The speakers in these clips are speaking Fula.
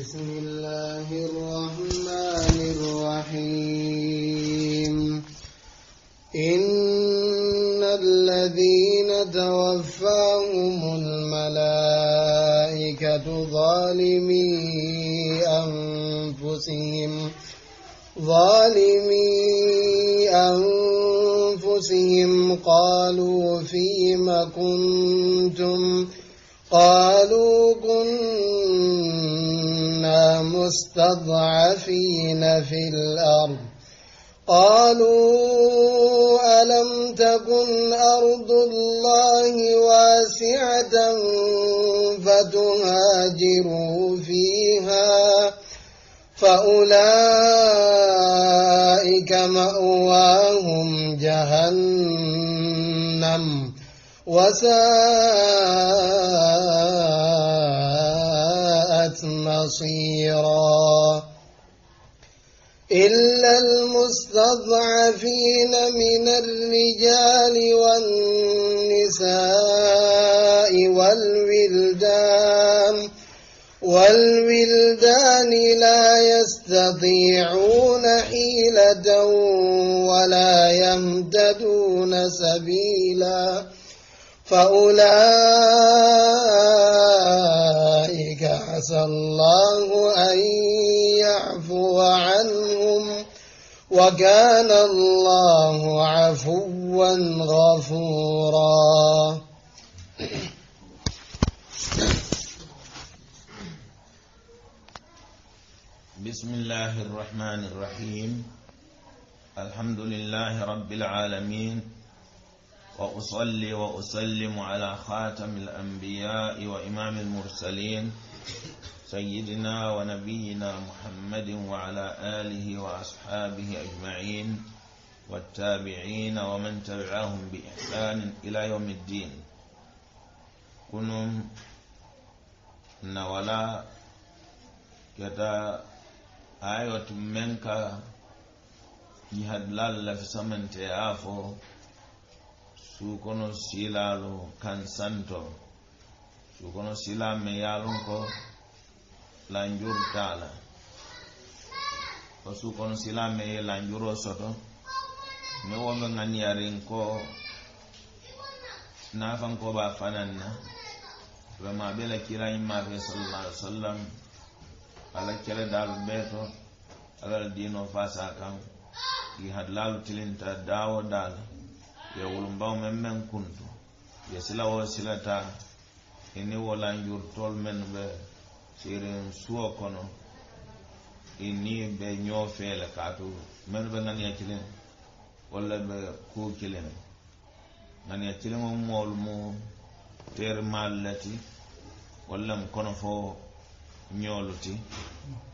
بسم الله الرحمن الرحيم إن الذين توفاهم الملائكة ظالمي أنفسهم ظالمي أنفسهم قالوا فيم كنتم قالوا المستضعفين في الأرض قالوا ألم تكن أرض الله واسعة فتهاجروا فيها فأولئك مأواهم جهنم وساءت نصيرا إلا المستضعفين من الرجال والنساء والولدان والولدان لا يستطيعون حيلة ولا يمتدون سبيلا فأولئك عسى الله أن يعفو عنهم وكان الله عفوا غفورا بسم الله الرحمن الرحيم الحمد لله رب العالمين وأصلي وأسلم على خاتم الأنبياء وإمام المرسلين سيدنا ونبينا محمد وعلى آله وأصحابه أجمعين والتابعين ومن تبعهم بإحسان إلى يوم الدين كنم نولا كتا آية منك jihad lal في سمن تيافو سوكونو سيلالو كان kan سوكونو sukono silame lanjur taala ko sukon silame ye lanjuro soto ne wome ganyarin ko nafankoba fanan na wema bela kirayimmafe sala sallam ala kele dalu beto alal dino fasa kan i hadlalu tilinta dawo dala ye wulumbaw men men kuntu ye silawo silata ini wo lanjur tol men be sirin suwo kono inni ɓe ñoo feele kaatu men ɓe ngania cilin walla ɓe kuu cilin ngania cilingo mool mu teer maallati wallam kono fo ñooluti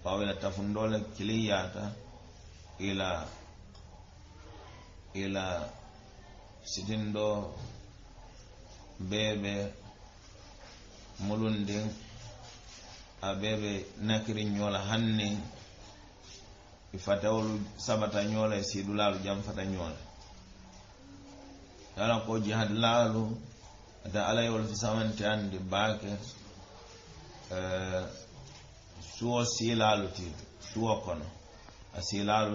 paw ina tafundoole cilin yaata ila ila sitindo ɓeeɓe mulun ndin abebe nakiri nyola hanne i sabata nyola e lalu jam fata ñoola ala ko jihad laalu ata alayol fi samante andi baake eh, suo siilaalu ti suo kono a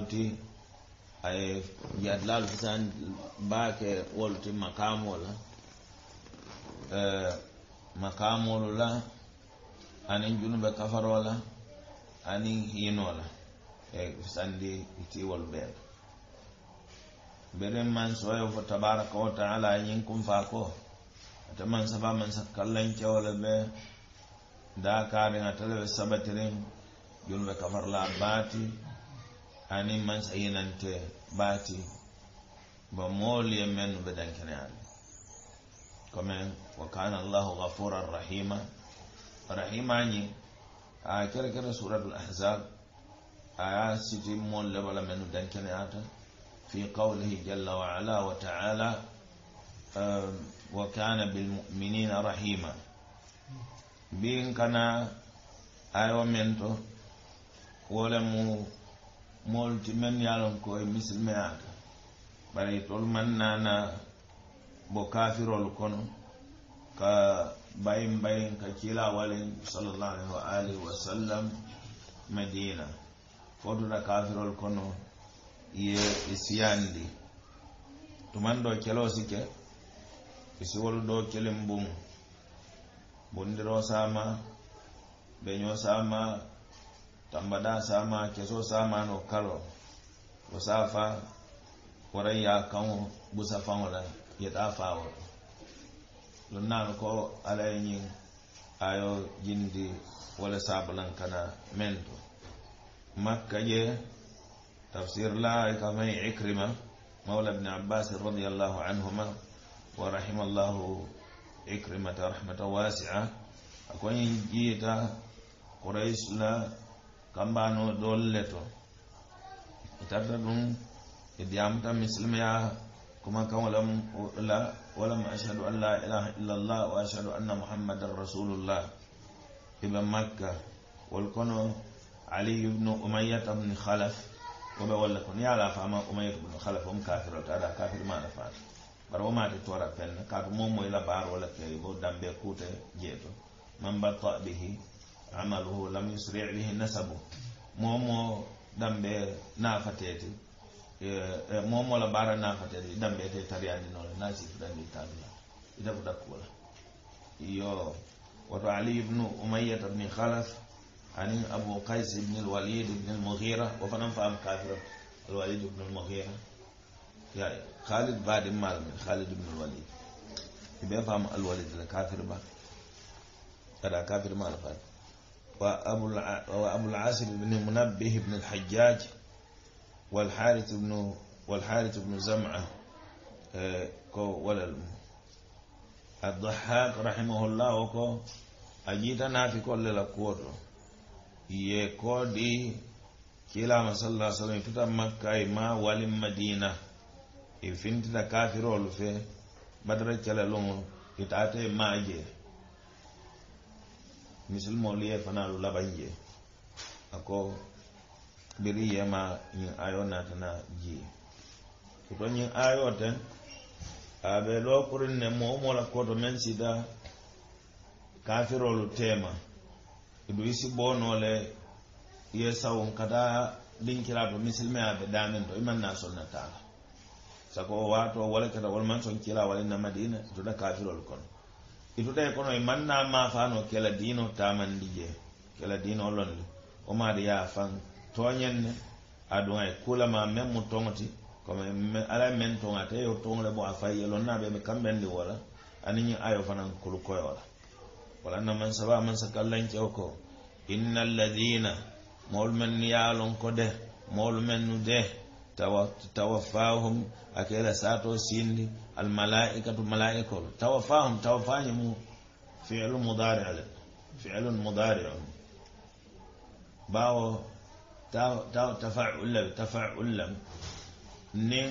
ti aye jihad lalu fisan bake baake wolu ti makamola eh, makamolu la anin be kafaro la ani hino la e sandi itiwol ɓeeɗo beren man soyo fo tabaraka wa taala yin kum fa ko ata man saba man sakkallancewole be dakarin atale ɓe sabatirin kafar la baati ani man sayinante baati ba moolu yemen be nu ɓe dankeneyaali wa kana allahu ghafurar rahima rahimañi a kere kere suratul ahzab aya siti mon lebala menu dankene ata fi qawlihi jalla wa ala wa taala um, wa kana bilmuminina rahima bin kana aywa men to wolemu molti men yalon koye misilme ata bare tol man nana bo kafirol kono ka bayin bayin ka kila walin sallallahu alaihi wa sallam medina da kafirul kono ye isiyandi tuman do kelo sike isiwol do kelim bum bundiro sama benyo sama tambada sama keso sama no kalo wasafa safa woran ya wala busa fanwola yeta fawo ɗum nan ko alay e ñin ayo jindi wala sablankana men to makka je tafsir laay e ka may icrima mawla bne abbasi radiallahu anhuma wa rahima allahu icrimata rahmata wasia akoñin jiita qurais la kambano dolle to itarta e ɗum e diyamta muslimeya kuma kan walam la walam ashhadu an la ilaha illa allah wa ashhadu anna muhammadan rasulullah ibn makka wal kono ali ibn umayyah ibn khalaf ko be walla kono yala fama umayyah ibn khalaf um kafiro ta da kafir ma na fa bar o ma de tora fen ka to mo moy la bar wala ke bo dambe kute jeto man ba ta bihi amaluhu lam yusri' bihi nasabu mo mo dambe nafatete mo mo la bara na fa tari dambe te tari andi no na si fudan ni tabi ida fuda kula yo wa ali ibn umayyah ibn khalaf عن أبو قيس بن الوليد بن المغيرة وفنان فهم كافر الوليد بن المغيرة يعني خالد بعد ما من خالد بن الوليد يبقى فهم الوليد الكافر بعد هذا كافر ما وأبو العاصم بن منبه بن الحجاج walharith bnu zama ko walal mu addahak rahimahullah o ko a jiitanaati kollela kuwoto ye koodi kiilaama sallah a sallam ifita makkay ma wali madina i fintita kafirolu fe badara celelumu itaate maaje misilmolu ye fanalu laban je ako biri yema yin ayo na tana ji kuto yin ayo ten abe lokurin ne mo mo la koto men sida kafirolu tema idu isi bono le ye sawun kata dinkira to misilme abe damen to iman na sonna tala sako o wato wala kata wala man son kila wala na madina to da kafirolu kono itu da kono iman na ma fano kela dino tamandije kela dino lonni o ma ya fanga toñen ne aduna e kulama men mu toŋoti comme ala men toŋa te yo toŋ le bo a fay yelon na be be kamben di wala ani ñi ayo fanan kulu koyo la wala na man saba man sa kallan ceo ko inna alladina moolu men ni yaalon ko de moolu men nu de tawafahum akela sato sindi almalaikatu malaikol tawafahum tawafañi mu fi'lu mudari le fi'lu mudari um bawo taw tafa'ulla tafa'ullam nin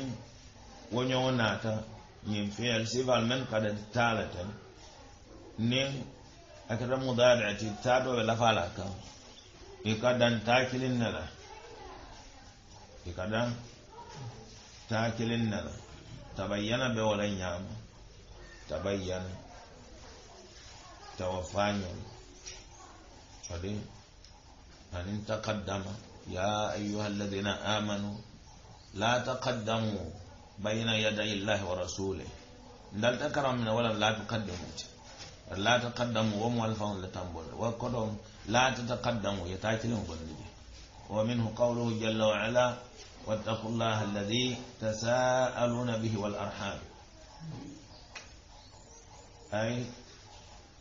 wo ñoŋonata ñiŋ fiyal sival men kada taala ten nin a kata mudarati taa do be lafa la kaŋ i ka dan taa kiliŋ ne la i ka dan taa kiliŋ ne la tabayyana be wo la ñaama tabayyana tawafañol adi aniŋ takaddama يا أيها الذين آمنوا لا تقدموا بين يدي الله ورسوله ndal ta karam na wala la taqaddamu la taqaddamu wa mal faun la tambol wa kodom la tataqaddamu ya taatilun gondi wa minhu qawluhu jalla wa ala wattaqu allaha alladhi tasaaluna bihi wal arham ay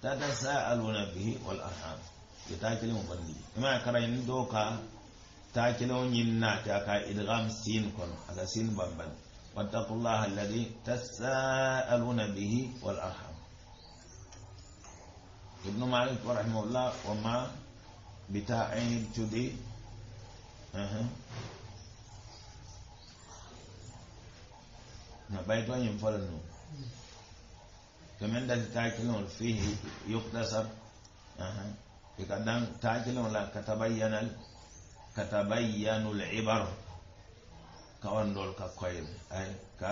tatasaaluna bihi wal arham ya taatilun gondi ma karayin doka تاكنا نينا تاكا إدغام سين كون هذا سين بمبن واتقوا الله الذي تساءلون به والأرحم ابن مالك رحمه الله وما بتاعين تدي أه. نبيت وين فلنو كمان ده تاكلون فيه يقتصر أه. إذا تاكلون لا كتبين تتبين العبر كوندول ككوين أي ك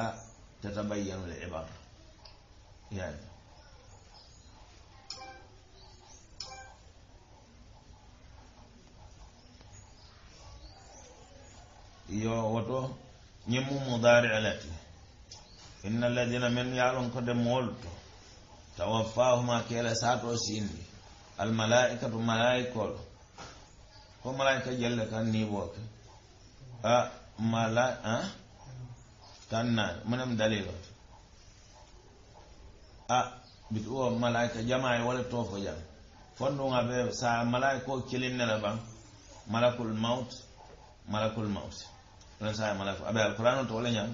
تتبين العبر يعني yo woto ñimmu mudari lati inna alladina min yalon ko de molto tawaffahuma kela sato sindi almalaikatu malaikol homaranta jelle tan niiboke a mala a tan naani munem dalil ot a bitu o malaika jamaye wala tofo jam fonɗunga ɓe sa malaika o kilinnere ɓan malakul maut malakul maut ɗon sa malak aɓe alquran oto wala ñam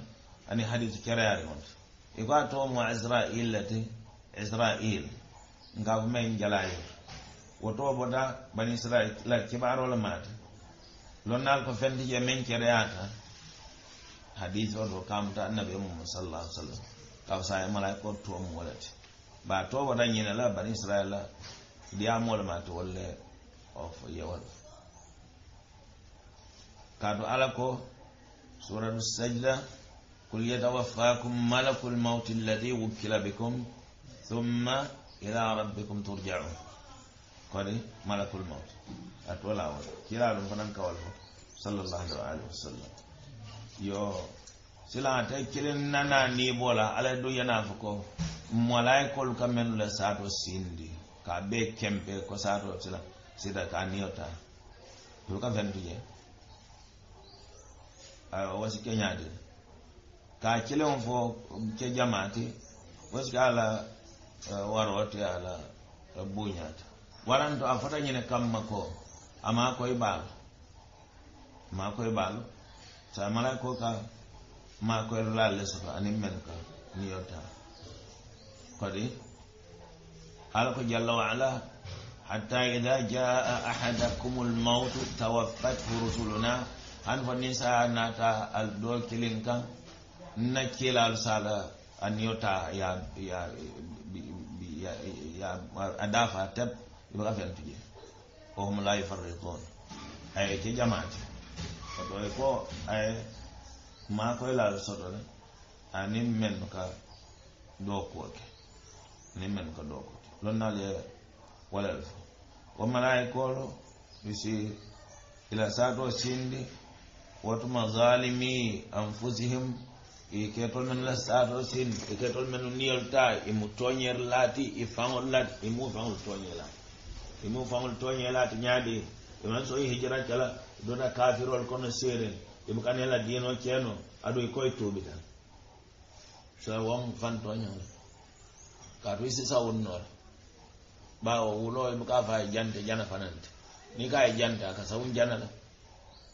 ani hadis kereyare onto iko a tomo israil lete israil ngako men jalayoto woto bota bani israil la kibaro la mata nal ko fendi je men ke reata hadith o kam ta annabi muhammad sallallahu alaihi wasallam ka sa malai ko to mo walati ba to bota nyina la bani israil la dia mo la mata wolle of yawal kadu alako suratu sajda قل يتوفاكم malakul mautil ladhi وكل bikum thumma ila rabbikum turja'un kodi malakul maut ato lawol kila ɗum ko nan kawal fo sallllahu alah wa alihi wa sallam yo silaate kilin nana nibola alay e du yana fo ko malaikol ka menule sato sindi ka ɓe kempe ko sato sila sida ka niyota tul ka fentu je awa wasi keñadi ka kilin fo ke jamati wasi ka ala eh, warote ala eh, buñata waranto a fota ñine kamma ko ama koye baalo ma koye baalo sa mala ko ka ma koye lalle sofa ani men ka niyota kodi ala ko jalla wa ala hatta ida jaa ahadakum lmautu tawaffathu rusuluna han fo ni sa nata al do kilin kan na kilal sala an yota ya ya ya adafa tab i baka fen tije ko homo la yufarrikuna aye ke jamate oto e ko aye ma koye laal sotone anin men ka dookuwo ke anin men ka dookuwo ke lonnaale walel fo wo malaye koolo wisi ila saato sindi wotuma zalimi anfusihim i ketol men la saato sindi i ketol men niyol taa imu tooñer laati i faŋol laati imu faŋol tooñer laati imu faŋol toñelaati ñaadi iman soyi hijirancala dona kafirol kono seeren imu kanela diino ceeno adu i koy tuubitan so wom fan toñole kaatu isisa wunnoole ɓaawo wuloo imu ka fa jante jana fanante ni ka ye jante aka sawun jana la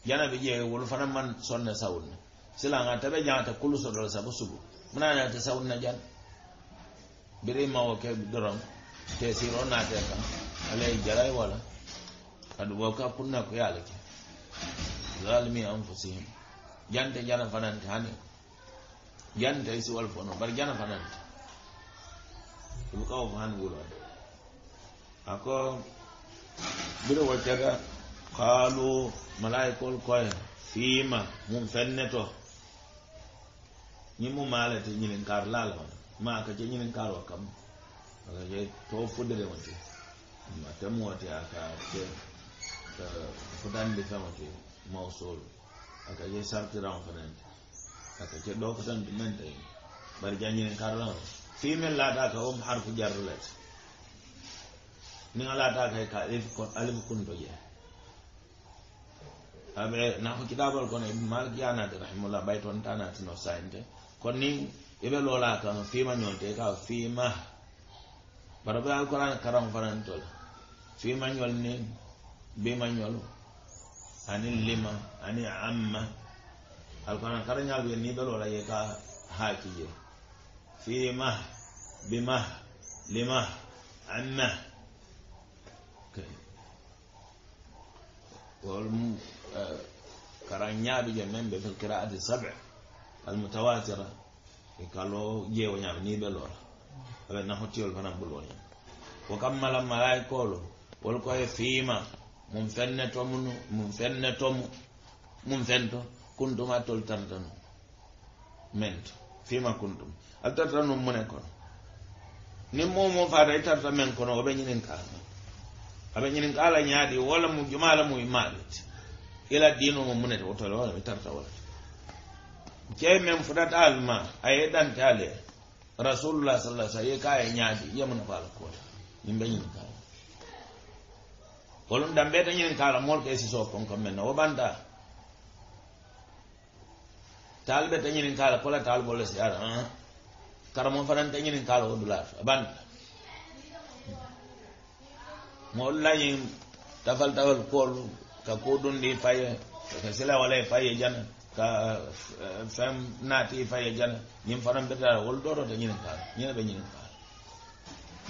jana bi jee wolu fana man sonne sawun ne silaŋa tabe jaŋata kulusodol sabu sugu mana ñaate sawun na jan biri mawo ke doroŋ tesiro naate kam alay jaray wala kadu bo ka pour nako yala ke zalimi anfusihim jante jana fanante hani jante isi wal fono bar jana fanante ibu kaw fo han wulo ako biro wacaga qalu malaikol koy fima mum fenneto ñimu malete ñinin kar lala wala ma ka ce ñinin kar wa kam akake too foddere ma te ma temoo te aka ke fotaanide feŋo ke mawsoolu aka ke sartiraŋo fanante aka ke ɗoo kotante meŋ tay bari janjini karlaŋo fii meŋ laata aka wom harfu jarru le niŋa laata akay ka e alifi kunto je aɓe nako kitabol kono ibn malik yanaate rahimaullah ɓay toon tanaatino sayinte kon niŋ iɓe e loolaa kan fiima ñoonte e ka fiima bara be alquran karam fanan tol fi manual ne be manual ani lima ani amma alquran karam nyal be ni dolo la ye ka hakije fi ma bima lima amma والم... كرانيابي جمن في القراءة السبع المتواترة قالوا جيو نعم نيبلورا aɓe na hottiwol fana ɓuloni wo kammala malaikolo wol koye fiima mum fenne tomunu mum fenne tomu mum fento kuntuma tol tantanu mento fiima kuntum al tartanu mune kono ni mumum fata i e tarta men kono oɓe ñinin kaala aɓe ñinin kaala ñaaɗi wala mu jumala mu maɓete ila dino mo munete wotole wala ɓe tarta wolte cey men fuɗata alma a yeɗante alee rasulullah sallallahu alaihi wasallam iya, kay ya yamana bal ko be nyin ka kolon dambe tan nyin la mol ke si kon ko men no banda talbe tan nyin la kola tal bol si ara han karamo fanan tan nyin la o dula ban mol la yin tafal tafal ko ka ko dun ni faye ka sila wala faye jana ka fem naati faye jana ñin fanan betara wol ɗoroto ñina paala ñina ɓe ñina paala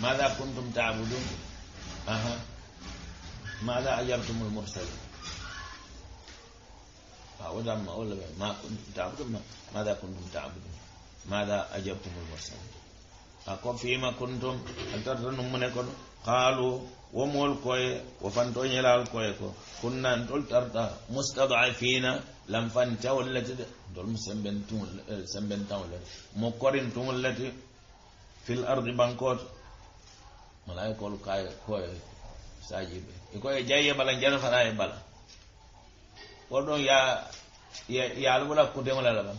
mada kuntum tabudun aha mada ajartumul mursalin ودعم ولا ما كنتم تعبدون ماذا كنتم تعبدون ماذا أجبتم المرسلين أقول فيما كنتم أنتم من قالوا wo mool koye wo fanto ñelaal koye ko kun naan tol tarta mustadafina lam fantawol leti de tol mu sembe tuŋol eh, sembe taŋol leti mu korin tuŋol leti fil ardi bankoto malaay e koolu kaaye koye saaji be i e koye jayye bala jana fanaye bala wo ɗon yaa ya yaalu bula kutemola laban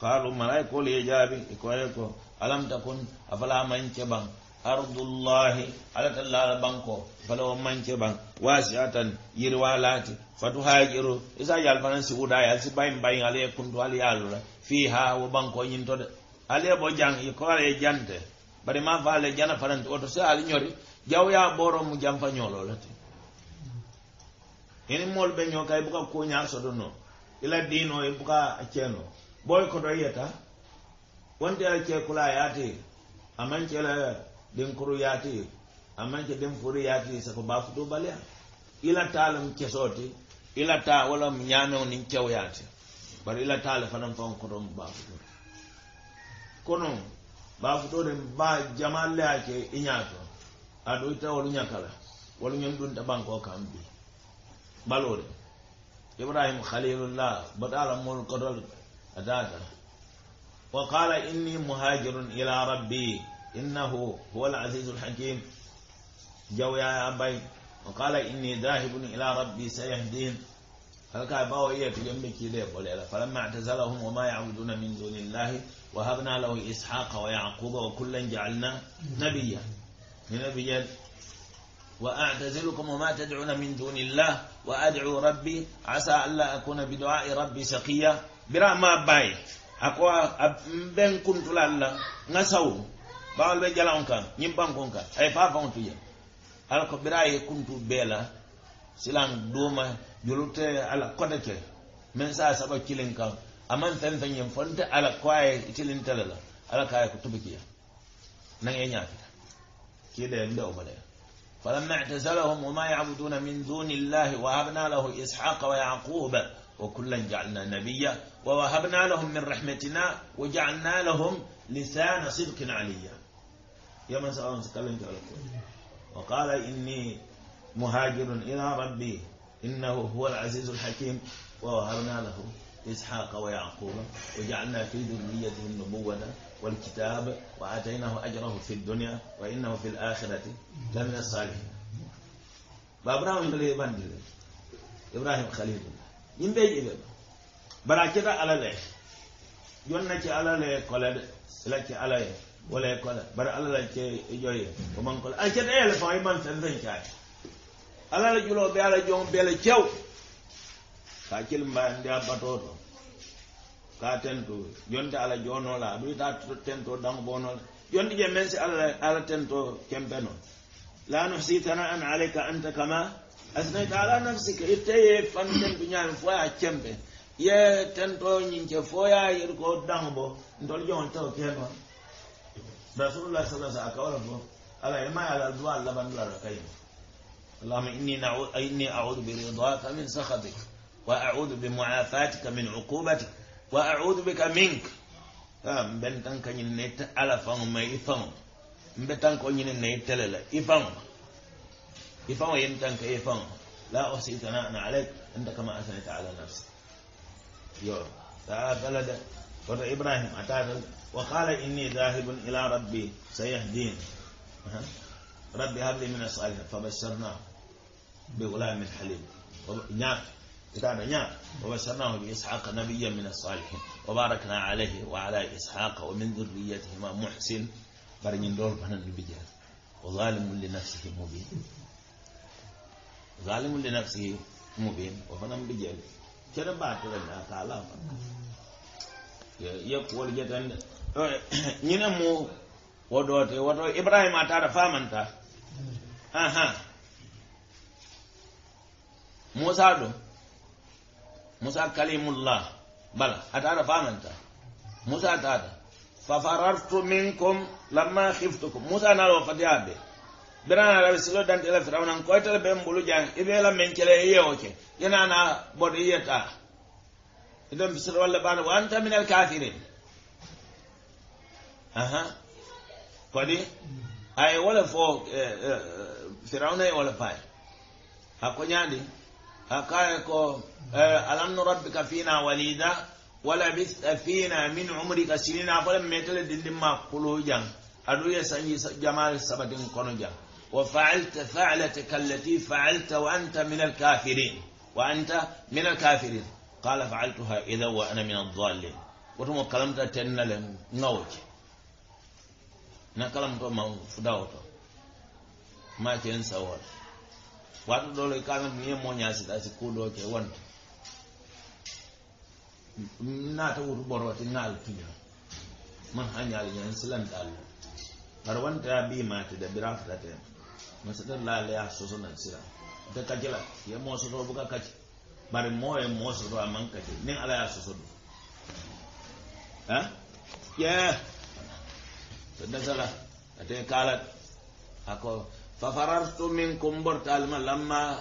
qaalu malaay koolu ye jaabi i e koye ko alam takun afala man ceɓaŋ ardullahi alatallala banko fala o manke ban wasiatan yirwalati fatu hajiru isa jal fanan siwuday al si bayim bayi alaye kuntu ala yalula fiha wo banko ñinto de alaye bo jang ko alaye jante bari ma fa ale jana fananti oto si ali ñori jaw ya boro mu jam fa ñololate ini mol be ñoka i buka kuña soto no ila dino i buka ceno boy koto yeta wonti ala ce kula yaati amancela den koro yaate amman ke den foro yaate sako bafuto baleya ila taalam kesote ila ta wala mu ñaanew nin kewoyaate bar ila taale fanan fan kotom bafuto kono bafuto de ba jamalle a ke i ñaato aɗo ita wolu ñakala wolu ñon ɗum ta banko kam bi balode ibrahim khalilullah batala mol kotol a data wa qala inni muhajirun ila rabbi إنه هو العزيز الحكيم جو يا أبي وقال إني ذاهب إلى ربي سيهدين فلك أباو إيه في جنبك يديه فلما اعتزلهم وما يعبدون من دون الله وهبنا له إسحاق ويعقوب وكلا جعلنا نبيا نبيا وأعتزلكم وما تدعون من دون الله وأدعو ربي عسى ألا أكون بدعاء ربي سقيا برا ما باي أقوى بين كنت لالا نسوا baal be jalaŋo kan ñiŋ bankon kaŋ a ye faa faŋo tu je ala ko bira kuntu bee silan silaŋ dooma jolu ala kote ke meŋ saa saba kiliŋ kaŋ a maŋ tan feŋ yeŋ fonte ala ko a ye itiliŋ tele la ala ka a ye ko tubi kiya naŋ ye ñaafita kii de ndewo ma de فلما اعتزلهم وما يعبدون من دون الله وهبنا له إسحاق ويعقوب وكلا جعلنا نبيا ووهبنا لهم من رحمتنا وجعلنا لهم لسان صدق عليا يا من سألهم تكلمت وقال إني مهاجر إلى ربي إنه هو العزيز الحكيم ووهرنا له إسحاق ويعقوب وجعلنا في ذريته النبوة والكتاب وآتيناه أجره في الدنيا وإنه في الآخرة لمن الصالحين بابراهيم خليل إبراهيم إبراهيم خليل الله إبراهيم بيجي بابا على ليش يونك على ليش قلد لك على ليش wala kola bar alala la ce eh, joye ko man kola a ce dayal fa man tan tan ca alala julo be ala jom be la cew ka kil ma ndia batoto ka tento yonde ala jono la du ta tento dam bono jonti je men si ala ala tento kempeno la tana an alayka anta kama asnaita ala nafsika itaye fan tento nyaan fo ya kembe ye tento nyinke fo ya yir ko dambo ndol jon to keno rasulullah sallallahu alaihi wasallam akawala bo ala ima ala adwa la rakai اللهم إني نعوذ إني أعوذ برضاك من سخطك وأعوذ بمعافاتك من عقوبتك وأعوذ بك منك مبن تنك نيت على فهم ما يفهم مبن تنك نيت لا يفهم يفهم يمتنك يفهم لا أحصي ثناء عليك أنت كما أثنيت على نفسك يو تعالى ولد إبراهيم أتى وقال إني ذاهب إلى ربي سيهدين ربي هب لي من الصالحين فبشرناه بغلام حليم نعم كتاب نعم وبشرناه بإسحاق نبيا من الصالحين وباركنا عليه وعلى إسحاق ومن ذريتهما محسن برين دور بنا البجاز وظالم لنفسه مبين ظالم لنفسه مبين وفنا بجاز كده بعد لنا تعالى يقول جدا ñine mu woɗoote woto ibrahima a taata famanta aha musa ɗum musa kalimullah bala a taata famanta musa taata fa farartu minkum lamma hiftukum musa nalo fatiya ɓe birana rawi silo dantela firawnan koytele ɓen mbulu jan ibela men cele yewo ke yenana boɗo yiyata idon fisiro walle ɓaɗo wanta minel kafirin Aha. Kwani? Ai wala fo Firauna e wala pai. Hakonyani akaye ko alam nurabbika fina walida wala bista fina min umrika sinina falam metele dindim ma kulo jang adu ya sanyi jamal sabatin kono jang wa fa'alta fa'lataka allati fa'alta wa anta min al-kafirin wa anta min al-kafirin qala fa'altuha idha wa ana min ad-dallin wato mo kalamta tennale ngawoje na kala mtu ma fudao to ma ken sawar watu dole kana ni mo nyasi da si kudo ke won na ta wuru borwati ngal tinya man hanya al yan silan dal har wanda bi ma ta da biraf da ta masadar la la ya so so nan sira da kajila ya mo so do buka kaji bari mo e mo so do amman kaji nin ala ya so so do ha yeah dasala ate kalat ako fa farartu minkum borta alma lamma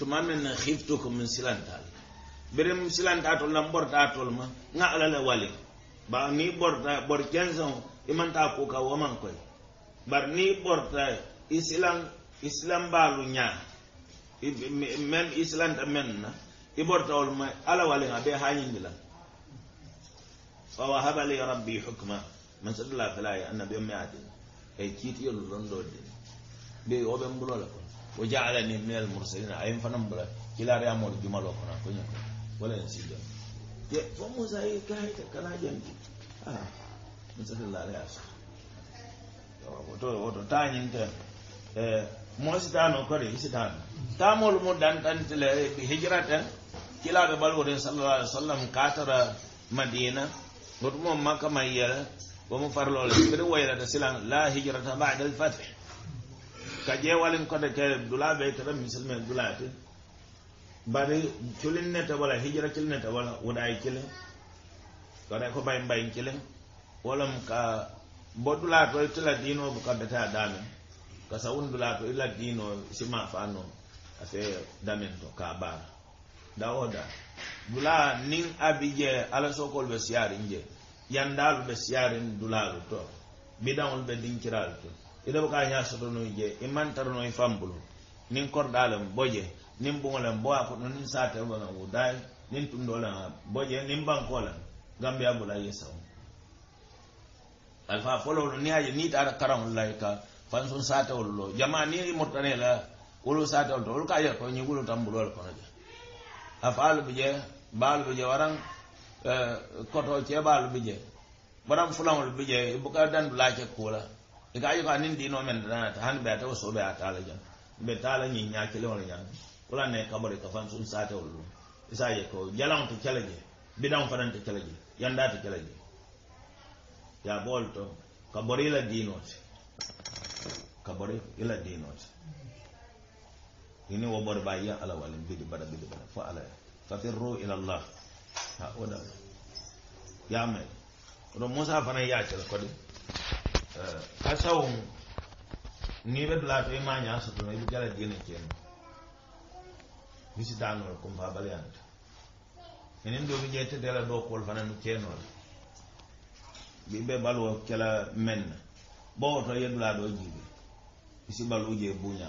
tumamin khiftukum min silantal berem silanta to lam borta to ma nga alala wali ba ni borta bor kenzo imanta ko ka waman koy bar ni borta islam islam balu nya men islam ta men na iborta ol ma ala wali nga be hayindila fa wahaba li rabbi hukma mansatu la fala ya annabi yom yaati e kiti yo don do de be o be mbulo la ko o ja'alani min al mursalin ay fanam bula kila re amol jumalo ko na ko nyako wala en sido ye fo mo sai ka hay ta kana jam ah mansatu la ya so to to tanyin ta e mo no ko re sitano ta mo dan dan tele hijrata kila be balu de sallallahu alaihi wasallam katara madina gotumo makka mayya bo mu far loole kene woyrata silan la hijrata bada alfatih ka ƴeewalin kode ke dula ɓe kata misilme dulaati mbaɗi culin nete wala hijra cil nete wala wuɗaye cilin kode ko mbay mbayin cilin wolam ka bo dulaato tila diino bo kabbete a damin ka sa wun dulaato ila diino sima fa no ase damin to ka baara da o da dula nin abije alasokol ɓe siyaari njeeri yandal be siyarin dulaalu to bidaŋol be dinkiraalu to ida ɓe ka soto no je tar no fambulu nin dalam, boje nin buŋolen bo a no nin saatewɓaŋa dai nin tundolen boje nin bankolen gambia bula ye alfa no ni aje ni taata karam laika ka fansun saatewol lo jama ni murtane la ulu saatewol to ka yer ko ñigulu tambulol na je afal faalu je Eh, koto ceeɓaalu bi je baram fulaŋolu bi je dan buka dandu laake kuula i ka ajuka niŋ diinoo meŋ danata hani be ate wo soo be a taa la jaŋ be taa la ñiŋ ñaa kiliŋolu ñaami wala ne kabari ka faŋ suŋ saatewolu luŋ isa je ko jalaŋo te kele je bidaŋo fanaŋ te kele je yandaa te kele je ye a boolu to ka bori la diinoo ti ka bori i la diinoo ini wabar bori ya, ala walim bidi bada bidi bada fo ala ye fafirru ila allah ha o da yame ono musa fana ya ce ko de eh, ka sawu ni be la to ma nya so to ni be gara dine ke ni misi da no ko ba bale ande enen do be jete de la do ko fana ni ke no bi be balwo ke la men bo to ye la do ji misi balu je bunya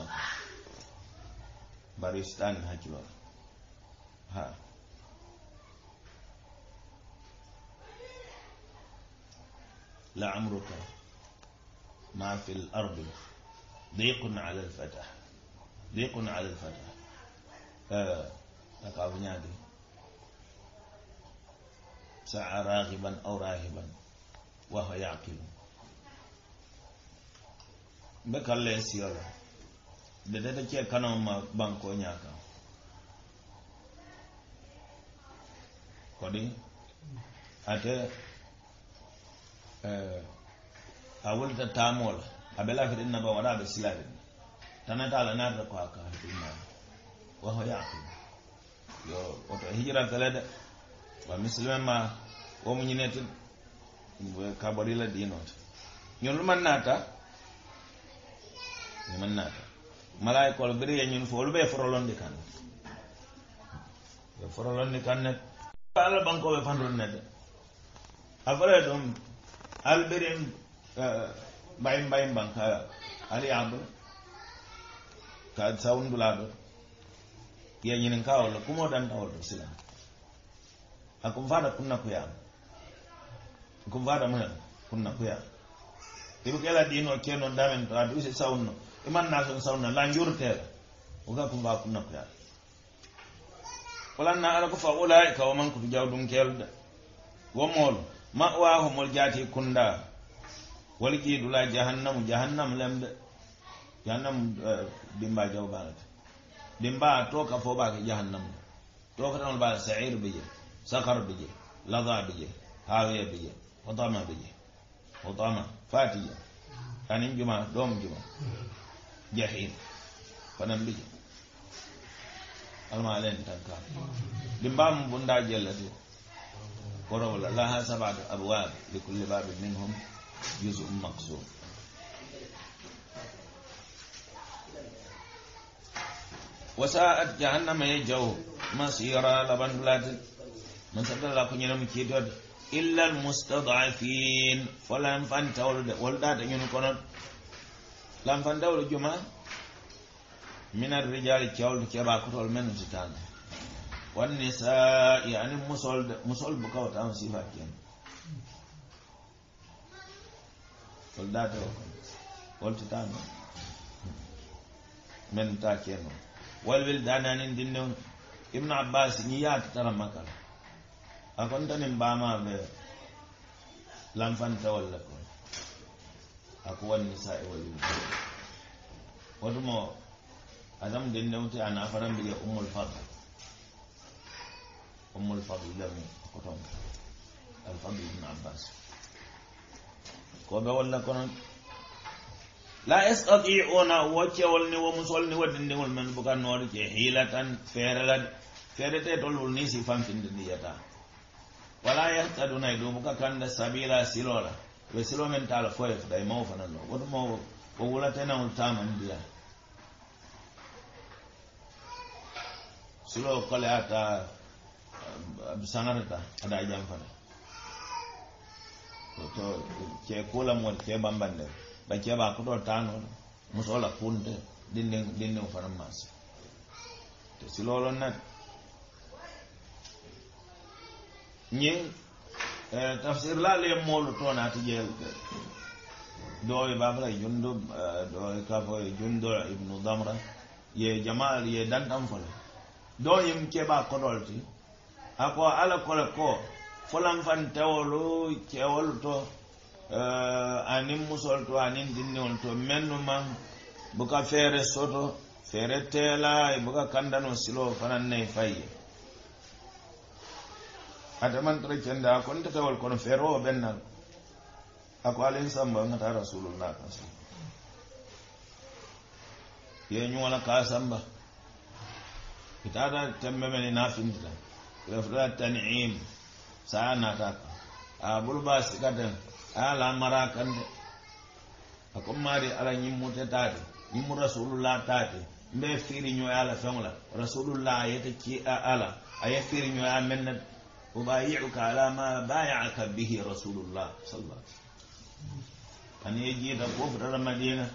bari stan ha ha لعمرك ما في الأرض ضيق على الفتح ضيق على الفتح آه نادي سعى راغبا أو راهبا وهو يعقل بك الله يسير لتتكي كانوا بانكو نياكا قدي أتى Eh, a wolita taamoo la a be laafi ɗin naba waɗa ɓe silaaɓe ɗin tanata ala naata ko a kaaɗinna waho yaqil yo woto hijira fele de wa misilme ma womu ñineti ka boɗila ɗinoto ñun luman naata luman naata malaay kol biriye ñun fo lu ɓe forolondi kan ne yo forolondi kan ne allah banko ɓe fandol ne de a fore ɗum alɓerem eh, mbay mbay mban ka aliyaɗo ka sawndulaɗo yañinen kawolla kumo ɗantawolɗo silam akum fada kunnakuya kum fada mumen kunnakuya iɓe kela ɗino kenon damen to ad usi sawnno imannason sawnna la jurtere oga kum fa kunnakuya walanna ala ko fa ulaika womankotu jawɗum kelda womolo mawaho mol jaati kunda wol kiidula jahannamu jahannam lemde jahannamu eh, dimba jawbanata dimba toka fobake jahannamu tokatanol baa sair bije sakar bije lada bije hawe bije hotama bije hotama fatija anin juma dom juma jahim fanan bije alma len tanka dimbam bunda jellati كرة ولا لها سبعة أبواب لكل باب منهم جزء مقسوم وساءت جهنم يجو مسيرة لبن بلاد من سبب الله كن ينم كيدود إلا المستضعفين فلا ينفن تولد ولدات ينكون لا ينفن تولد جمع من الرجال كيولد كيبا كتول من ستانه والنساء يعني مسول مسول بكو تام صفات يعني قلت تام من تاكين والبلدان يعني دينهم ابن عباس نيات ترى مكان اكون تنم باما ب لنفن تولكم أكون والنساء والولد ودمو أدم دينهم تي أنا faran bi أم الفضل ummu alfadl lami kotom alfadl ibn abbas ko ɓe wolna kono la estatiuna wo cewol ni wo musol ni waddindigol men bukannoore ce hiila tan feere la feere te tolwol ni si fanfinde ndi yata wala yahtaduna e ɗumuka kande sabila silola ɓe silo men taala foye fday maw fanan no woto maw o wulatenawol taman ndiya silo kole ata sangarata ada eh, jamfana to ke kula mo ke bambande ba ke ba kudo tano musola funde eh, dindin dindin farmasi to silolo na nyin tafsir la le molu to na ti je doy babra jundo doy kafo jundo ibnu damra ye jamal ye dan tam fala doyim ke ba kodolti ako ala kola ko fulanfantewolu kewolu to eh, anin musol to anin dinniwol to mennu man buka fere soto fere tela, e buka kandano silo fanan nayi fayi atamantara kende a konte kewol kono feere o ɓennal ako alin samba ngata rasulullah kan sa ye ñuwola ka samba itaata tembe mene nafindita yofrat tanim sanatako a ɓurba sikaten alamara kande a kommaari ala ñimmute taate ñimmu rasulullah taate mbe firiñoya ala feŋola rasulullah ayeta ci a ala aye firiñoya menne ubayiuka alama bayaaka bihi rasulullah salla ani ye jiita ko futata madina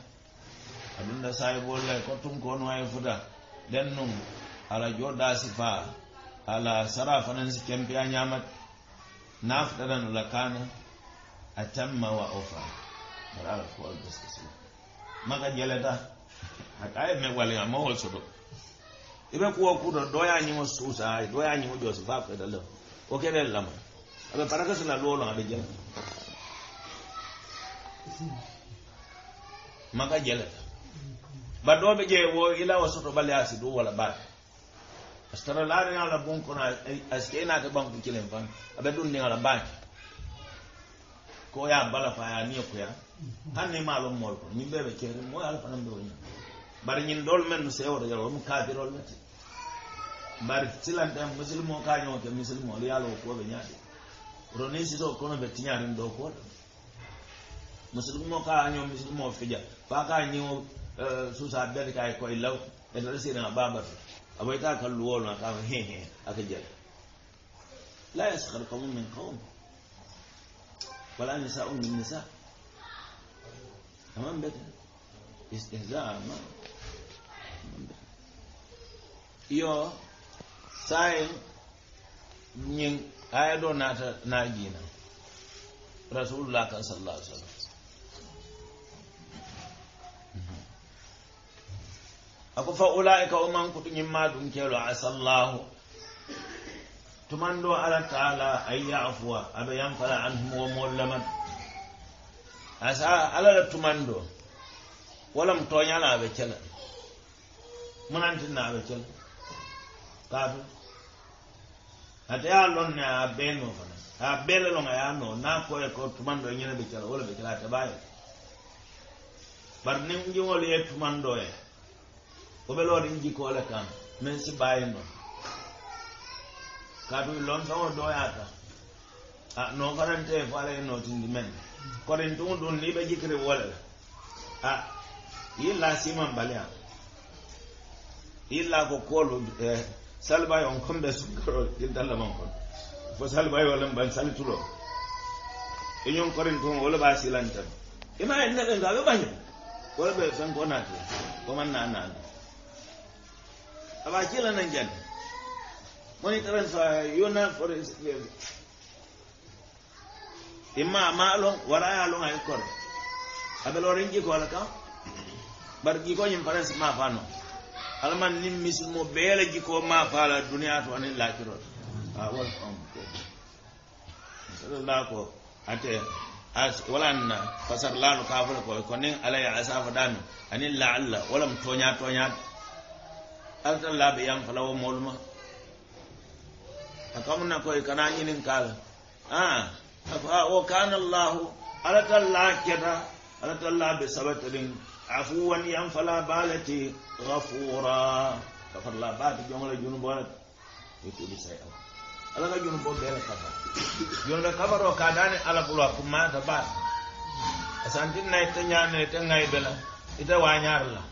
adunda sayibolla kottunkonu ay futa den num ala jo da sifa ala sara fanan si kempi a ñamat nafɗaran ula kana a tamma wa ofa baraga fo al gaska sila maga jeleta a kaye me wale a mawol soto ibe kuwo kuɗo doya ñimo susa doya ñimo ƴoos fa feda le o kebel lama aɓe paraga sila luwolon aɓe jela maga jeleta ba doɓe ƴe wo ila o soto ɓale a sidu wala baɓe astara laare ala bonkono a sike naata banku kileŋ faŋ a be duŋ diŋala baake ko ye a bala fa mhm. a ye a nie koya haŋ niŋ maaloŋ moolu kono ñiŋ bee be keeri moo ye ala fanaŋ be wo ñiŋ bari ñiŋ doolu meŋ nu seewo to jalo wo mu kaafirolu le ti bari silante musilimoo kaa ñoo ke musilimoolu ye a loo koo be ñaadi woto niŋ sisoo kono be tiñaariŋ doo koo le musilimoo kaa ñoo musilimoo fija faa kaa ñiŋo euh, suusaa bedi kaa ye koy law e to le siiriŋa baabatu أما يتاكل لون أكام هي هي أكجل لا يسخر قوم من قوم ولا نساء من نساء أمام بيت استهزاء أمام بدن iyo sayin yin ayado ناجينا رسول الله صلى الله عليه وسلم ako fa ulaika o man kutu ñimma ɗum kelo asallahu tuman ɗo ala taala ay yafuwa aɓe yanfala anhum wo mollamat asa ala la tuman ɗo walam toñala aɓe cela munantinna aɓe cela kaatu ate a lonne a beeno fana a beele lon a ya no na koye ko e tuman ɗo ñene ɓe cela wala ɓe cela ateɓaye bar nin jiŋol ye tuman ɗo ye wo ɓe loori jiko le kan si ɓaayi noon kaatu lon sawo doyata a eh, no karante fo ala e notindi men korin tuŋ ɗum ni ɓe jikiri wole le a yilla siman baliya yilla ko koolu salbayi on komɓe sukkaro yiddallaman kon fo salbayi olen ɓan salitulo eñon korin tuŋ wole ɓa silantan ima e neɓe nga ɓe ɓaño wole ɓe fen ko naati koman aba kila nan jan moni taran sa yona for imma malon wara alon ay kor abelo renji ko alaka bar gi ko nyim faras ma fano alman nim misilmo bela gi ko ma fa la duniya to anin lakiro a ah, wal on ko sallallahu ko ate as walanna fasar lanu kaful ko konin alaya asafa danu anin wala walam tonya tonya alta labe yam fala wo molma akamna ko kana nyinin kala ah afa wa kana allah alata lakira alata labe sabatrin afuwan yam fala balati ghafura kafar la bati jongla junubo itu disai ala ka junubo bela kafar jonda kafar o ni ala bulwa kuma ta ba asantin nay tanya ne tanya bela ita wanyar la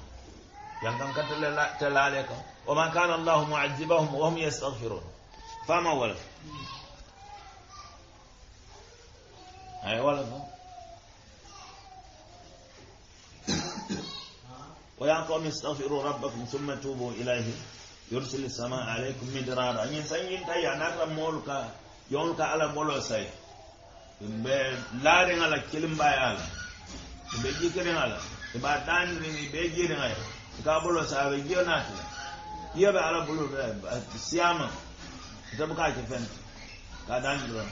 yan kam ka telale kam wa man kana allahu muazibahum wa hum yastaghfirun fama wala ay wala ko wa yan qawmi istaghfiru rabbakum thumma tubu ilayhi yursil as-samaa'a 'alaykum midrara anyin sanyin tayya nakra moluka yonka ala molo say be laare ngala kelimbaya ala be jikere ngala be ba tanri be jire ngala kabolo sabe giyo nati giyo ba ala bulu siyama ita buka ke fen ka dangira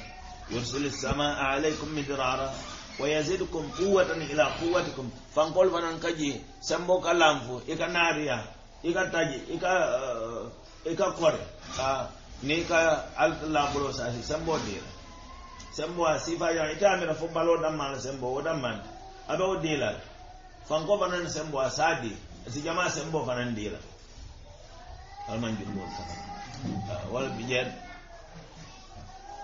yursil sama alaikum midrara wa yazidukum quwwatan ila quwwatikum fankol banan kaji sambo kalamfu ika ikataji ika taji ika eh, ika kore ka ni ka la bulu si sambo dira sembo a sifa yo ita mira fo balo damma sembo o damman abe o dila sembo si jama sembo fanan dira alman jumbo kafar wal bijad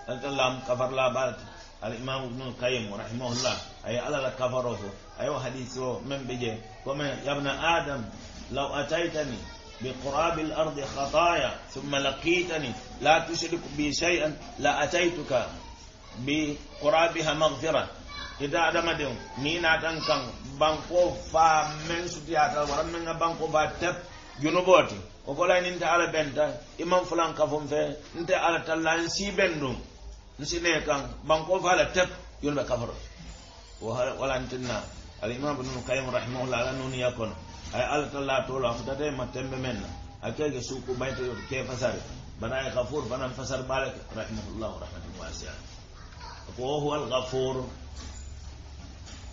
antalam kafar la balat al imam ibn qayyim rahimahullah ay ala la kafarofu ayo hadith o men beje kome yabna adam law ataitani بقراب الأرض خطايا ثم لقيتني لا تشرك بي شيئا لأتيتك بقرابها مغفرة إذا أدم دم نينا تنكم banko fa men sutiyata waran men nga banko ba tep boti o fola ni nta ala benta imam fulan ka fum fe nta ala talla en si bendum kan banko fa la tep yunube kafaro wala ntinna al imam ibn qayyim rahimahullah ala nun yakon ay ala talla to la futade matembe menna akege suku bayta yo ke fasare bana ghafur bana fasar balak rahimahullah rahmatullahi wasi'a ko huwa al ghafur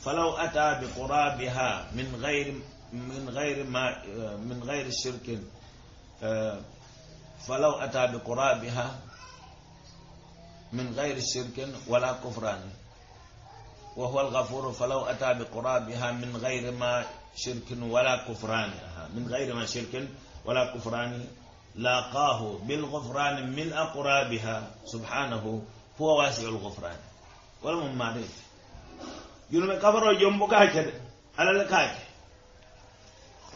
فلو أتى بقرابها من غير من غير ما من غير شرك فلو أتى بقرابها من غير شرك ولا كفران وهو الغفور فلو أتى بقرابها من غير ما شرك ولا كفران من غير ما شرك ولا كفران لاقاه بالغفران من أقرابها سبحانه هو واسع الغفران ولم معرفه yino ɓe kafaro jombo gaace de alala kaace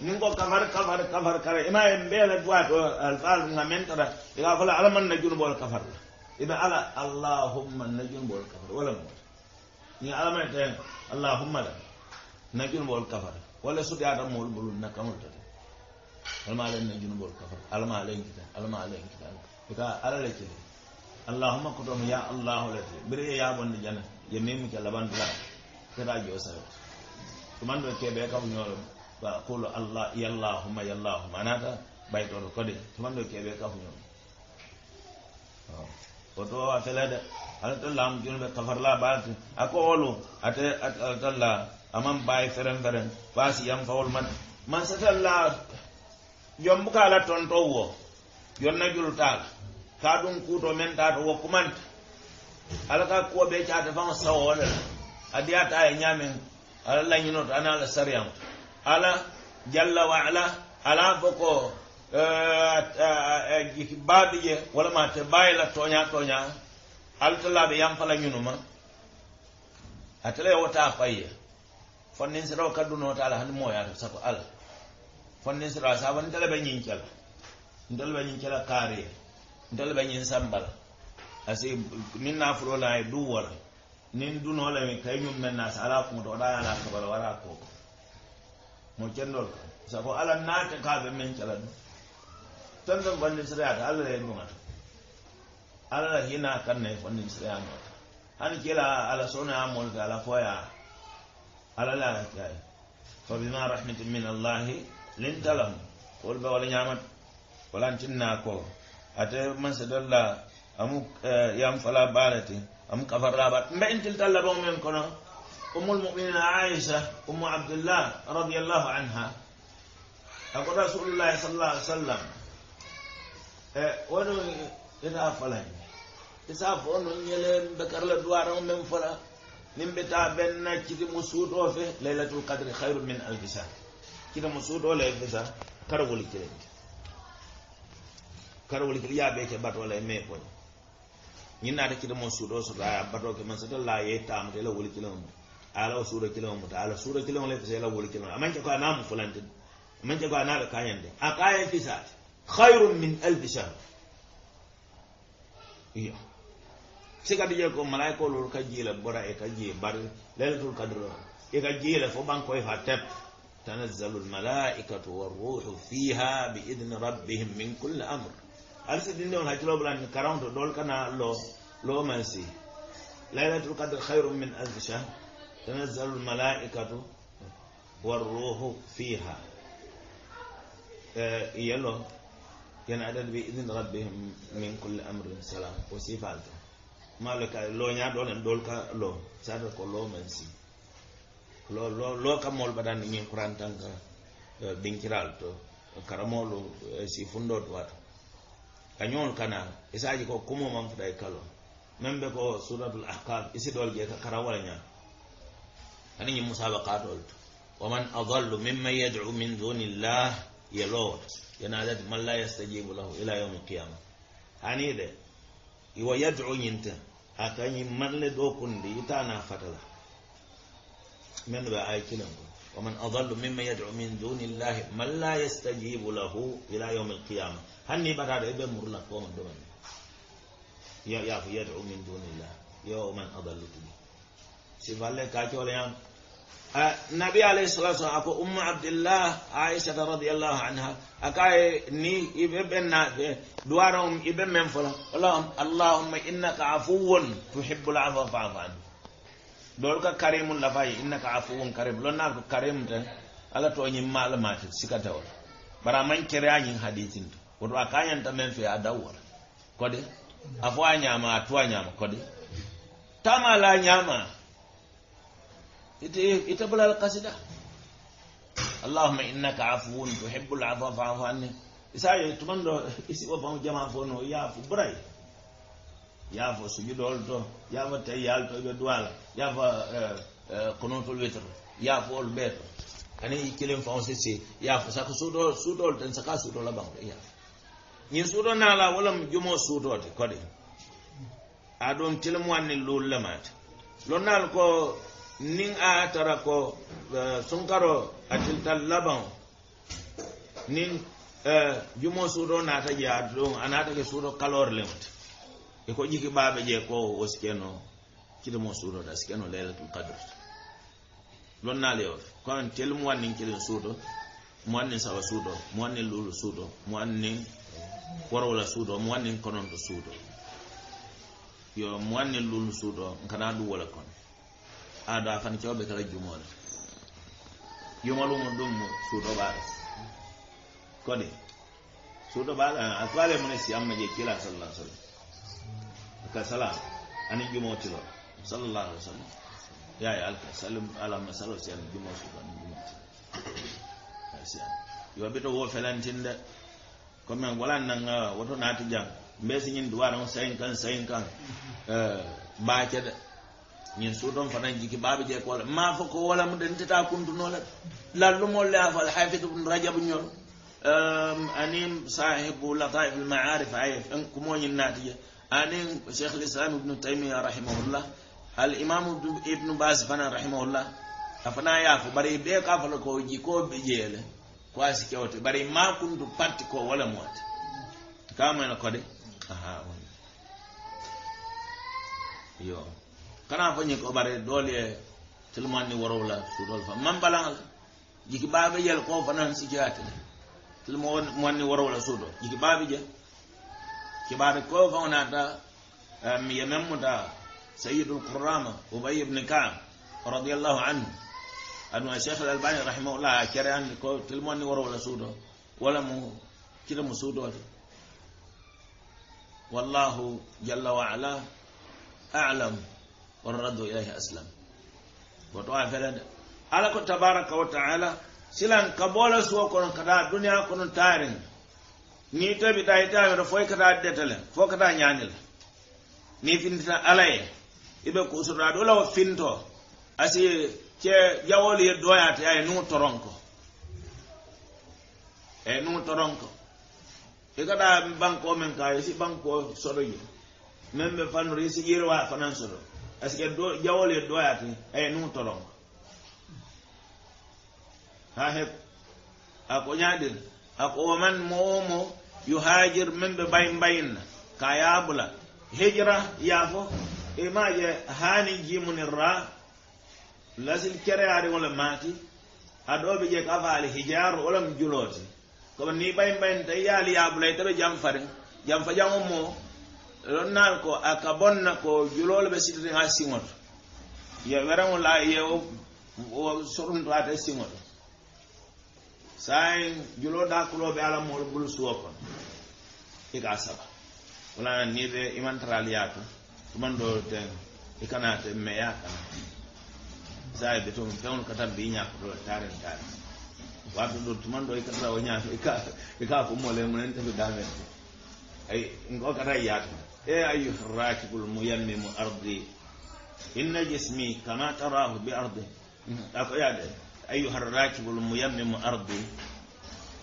min ko kafar kafar kafar kara ima en mbeele duwato alfal ngamen tara ega fola alaman na junu bol kafar la ina ala allahumma na junu bol kafar wala mo ni alama ta allahumma la na junu bol kafar wala su ya da mol bulun na kamul ta alma len na junu bol kafar alma len kita alma len kita ega ala le ke allahumma kutum ya allah la ti bire ya bon ni jana ye mem ke laban dula kata jo sawe ɗumanɗo keɓe kam ñoro ba kolo allah yallahuma yallahuma anata ɓaytoto kode tumanɗo keɓe kam ñoro o to wawa felede ala to lam junuɓe kafarla baate ako olu ate talla aman baye feren feren fasi yam fawol man masatalla jombuka ala tontowo jonna jurutal ka ɗum kuto men tata wokkumanta ala ka koɓe cata fan sawolela adiyata aye ñaamen ala lañinoto ana ala sariyan ala jalla wa ala ala fo ko baaɓe je wala ma te baayila tooña tooña altalaɓe yamfalañunuma atelay wota fayye fonnin sira o kaddunoto ala hande moyata sago ala fonnin sira a saabo ntele ɓe ñin cela ntele ɓe ñin cela kaariye ntele ɓe ñin sambala asi min naa furolaye duwola nin duno la min kay ñum men nas ala ko do da ala ko bala wala ko mo cendol sabo ala naata ka be men cala du tan tan wonni sira ta ala en mo ngata ala la hina kan ne wonni sira no han kila ala sona amol ga ala foya ala la kay fa bima rahmatin min allah lin talam wol be wala nyamat wala tinna ko ate man se dolla amu eh, yam fala balati am kafarraɓat mbe intilta allahbon men kono ummul muminina aisa ummu abdullah radiallahu anha ako rasulullahi sal llah alih sallam e wono ita falañ isa fo no ñele mbe karla duwara men fola nim ɓe ta ɓen na cite mo suuto fe laylatul kadre hayru min alfisa cite mo suuto lay fisa kara wolikirende kara wolikir yaɓe ke batola e mai koñ ñinnaata kitamo suuɗo sota a batoo ke man sota laa ye taamata ila woli kiliŋo mu a la wo suuro kiliŋo muta a la suuro kiliŋo le fisa ila woli kiliŋo a maŋ ke ko a naa mu fulante de a maŋ ke ko a naa la kaañante a kaaye fisaate xayru min albi sar iyo si ka dije ko malaayikoolul ka jii la bora e ka jii bari lelatul kadro i e ka jii la fo baŋ koy e fa tep tanazalu lmalaikatu waruuxu fiiha bi idini rabbihim min kulli amre alisi dindiŋol hakkiloo bulanti karanto doolu kana loo loo mansi laylatul kadre hayrum min alfi shahr tanazzalu lmalaikatu warruhu fiha yelo ينعدد بإذن ربهم من كل أمر سلام وسيفالته ما لك لو نيا دول دول كا لو سادر كو لو منسي لو لو لو كمول بدن ني قران تانك دينكرال تو كرمولو سي فندوت واتو kañol kana isaji ko kumo man fuɗa e kalo men be ko suratul ahkam isidol je ka kara wala ñaa ani ñi musaba qatol to wa man adallu mimman yad'u min duni llah yelowota yenadati man la yastajibu lahu ila yawmi lqiyama hani de iwa yad'u ñinta a kañi manle do kundi itana fatala men ɓe ay kilen ko wa man adallu mimman yad'u min duni llahi man la yastajibu lahu ila yawmi lqiyama hanni ɓataɗo e ɓe murna foma doman yo yafo yadu min dunillah yo man adallu tumi si falle ka coleyam Uh, nabi alayhi salatu salam ako umma abdillah aishata radiallahu anha akaye ni iɓe ɓennaɓe duwara um iɓe men fola olaom um, allahumma innaka afuwon tuhibbu l afa faafa an ɗoru ka karimum lafayi innaka afuwon karim lonna ko karim tan ala toñin maalamati sikatawol bara man kereañin haditinto koto akanya kañanta men fe a dawwata kode a fo a tama la ñama ite bulal qasida allahumma innaka afuwun tuhibbul afwa fa'fu anni isaye tumando isi wa fam jama fo no yaafu ya yaafo sujudol to yaafo tayyal to ɓe ya, ya fu eh, eh, kunutul witre yaafool ɓee to ani kilim fawse si yaafo saka suɗol suɗol ten saka la bang ya fu ñiŋ suuto naala wo lemu jumoo suutoo ti kodi aduŋ tilimu wanni luulu lemaati loŋ naalu ko niŋ a tara ko e, sunkaro atilta labaŋo niŋ jumoo suutoo naata je aduŋ a naata ke suuto kaloori lemu ti i ko jiki baabe je ko wo si keno kitimoo suutoo ta si keno leylatul kadiri ti loŋ naali yoo fi kon tilimu wanni kiliŋ suuto mu wanni sawa suuto mu wanni luulu suuto mu wanni worowla suudo mi wannin konon to suudo yo mi wannin lulu suudo kana ɗum wola kon aɗo a fan cewɓe kala jumole yumalumo ɗum suudo ɓaɗa kodi suudo ɓaɗa a tubaɓe mune si amma je kila sallah ah sallam ka salam ani jumotilo sallallah alah wa sallam yaya alka salim alama salo si an jumo suudo ani jumotilo si an yoɓe to wo felantinde comme en wala nan uh, woto naati jang mbe si ñin duwaara mo 5 ans 5 ans uh, baace de ñin suuton fana jiki baaba je koola maa fo ko wala mu den tita kuntunoo le lallumol le a fal xaifitum rajabu ñol um, euh, ani sahibu lataif lmaarif aye kumoo ñin naati je ani cheikh lislam ibnu taymia rahimahullah al imam ibnu bas fana rahimahullah a fana yaafo bari ɓee ka fala ko jikoo bijeele kwasi kewte bare maku ndu patti ko wala mota kamana kode aha yo kana fanyi ko bare dole tilmanni warawla sudolfa fa jikibabi balangal jiki babe yel ko fanan sikiyata tilmo manni warawla sudo jiki babe je kibabe ko fa da. mi sayyidul qurrama ubay ibn ka'ab radiyallahu anhu aduna cheikh al albani rahimahullah a kereyandi ko telemoni worowola suudo wala mo kira mo suudode wallahu jalla wa ala alam wan raddu ilayhi aslam woto a felede ala ko tabaraka wa taala silan ka boola suwo kono kata duniya kono taarin ni tabi ta itamiro foy kata detale fo kata ñanila ni finditan alaye iɓe kusoto aɗo lawo finto asi ke jawoli ye doyate aye nu toronko e nu toronko e kata banko men kay isi banko sodo yi men be risi isi wa fanan sodo parce que jawol ye doyate ay nu toronko ha he ako ñaɗin ako woman momo o mo yuhajir men ɓe ɓay mbayinna ka yaabula hijra yaafo imaje hani jimunirra lasil kereyaade wola maati ha ɗo ɓe jeeg afaali hijaaru olam julooti koɓe ni ɓayn ɓayn tawi yaali yaabulay taɓe jam fare jam fa jam ummo lonnaal ko aka bonna ko julole ɓe sitati ha siŋoto yo weremo la yewo o soɗumto ata siŋoto sayen julode hakkuloɓe alamol gul suwo kon ika saba wolana ni ɓe imantaraal yaatu tuman ɗo ten ikanate me yakana saya be to kata binya nya ko tare waktu itu do tuman do ikata o nya ka ka ko mo le mo en to dame ay ngo kata e ayu rakibul muyammimu ardi inna jismi kama tarahu bi ardi ako ya de ayu rakibul muyammimu ardi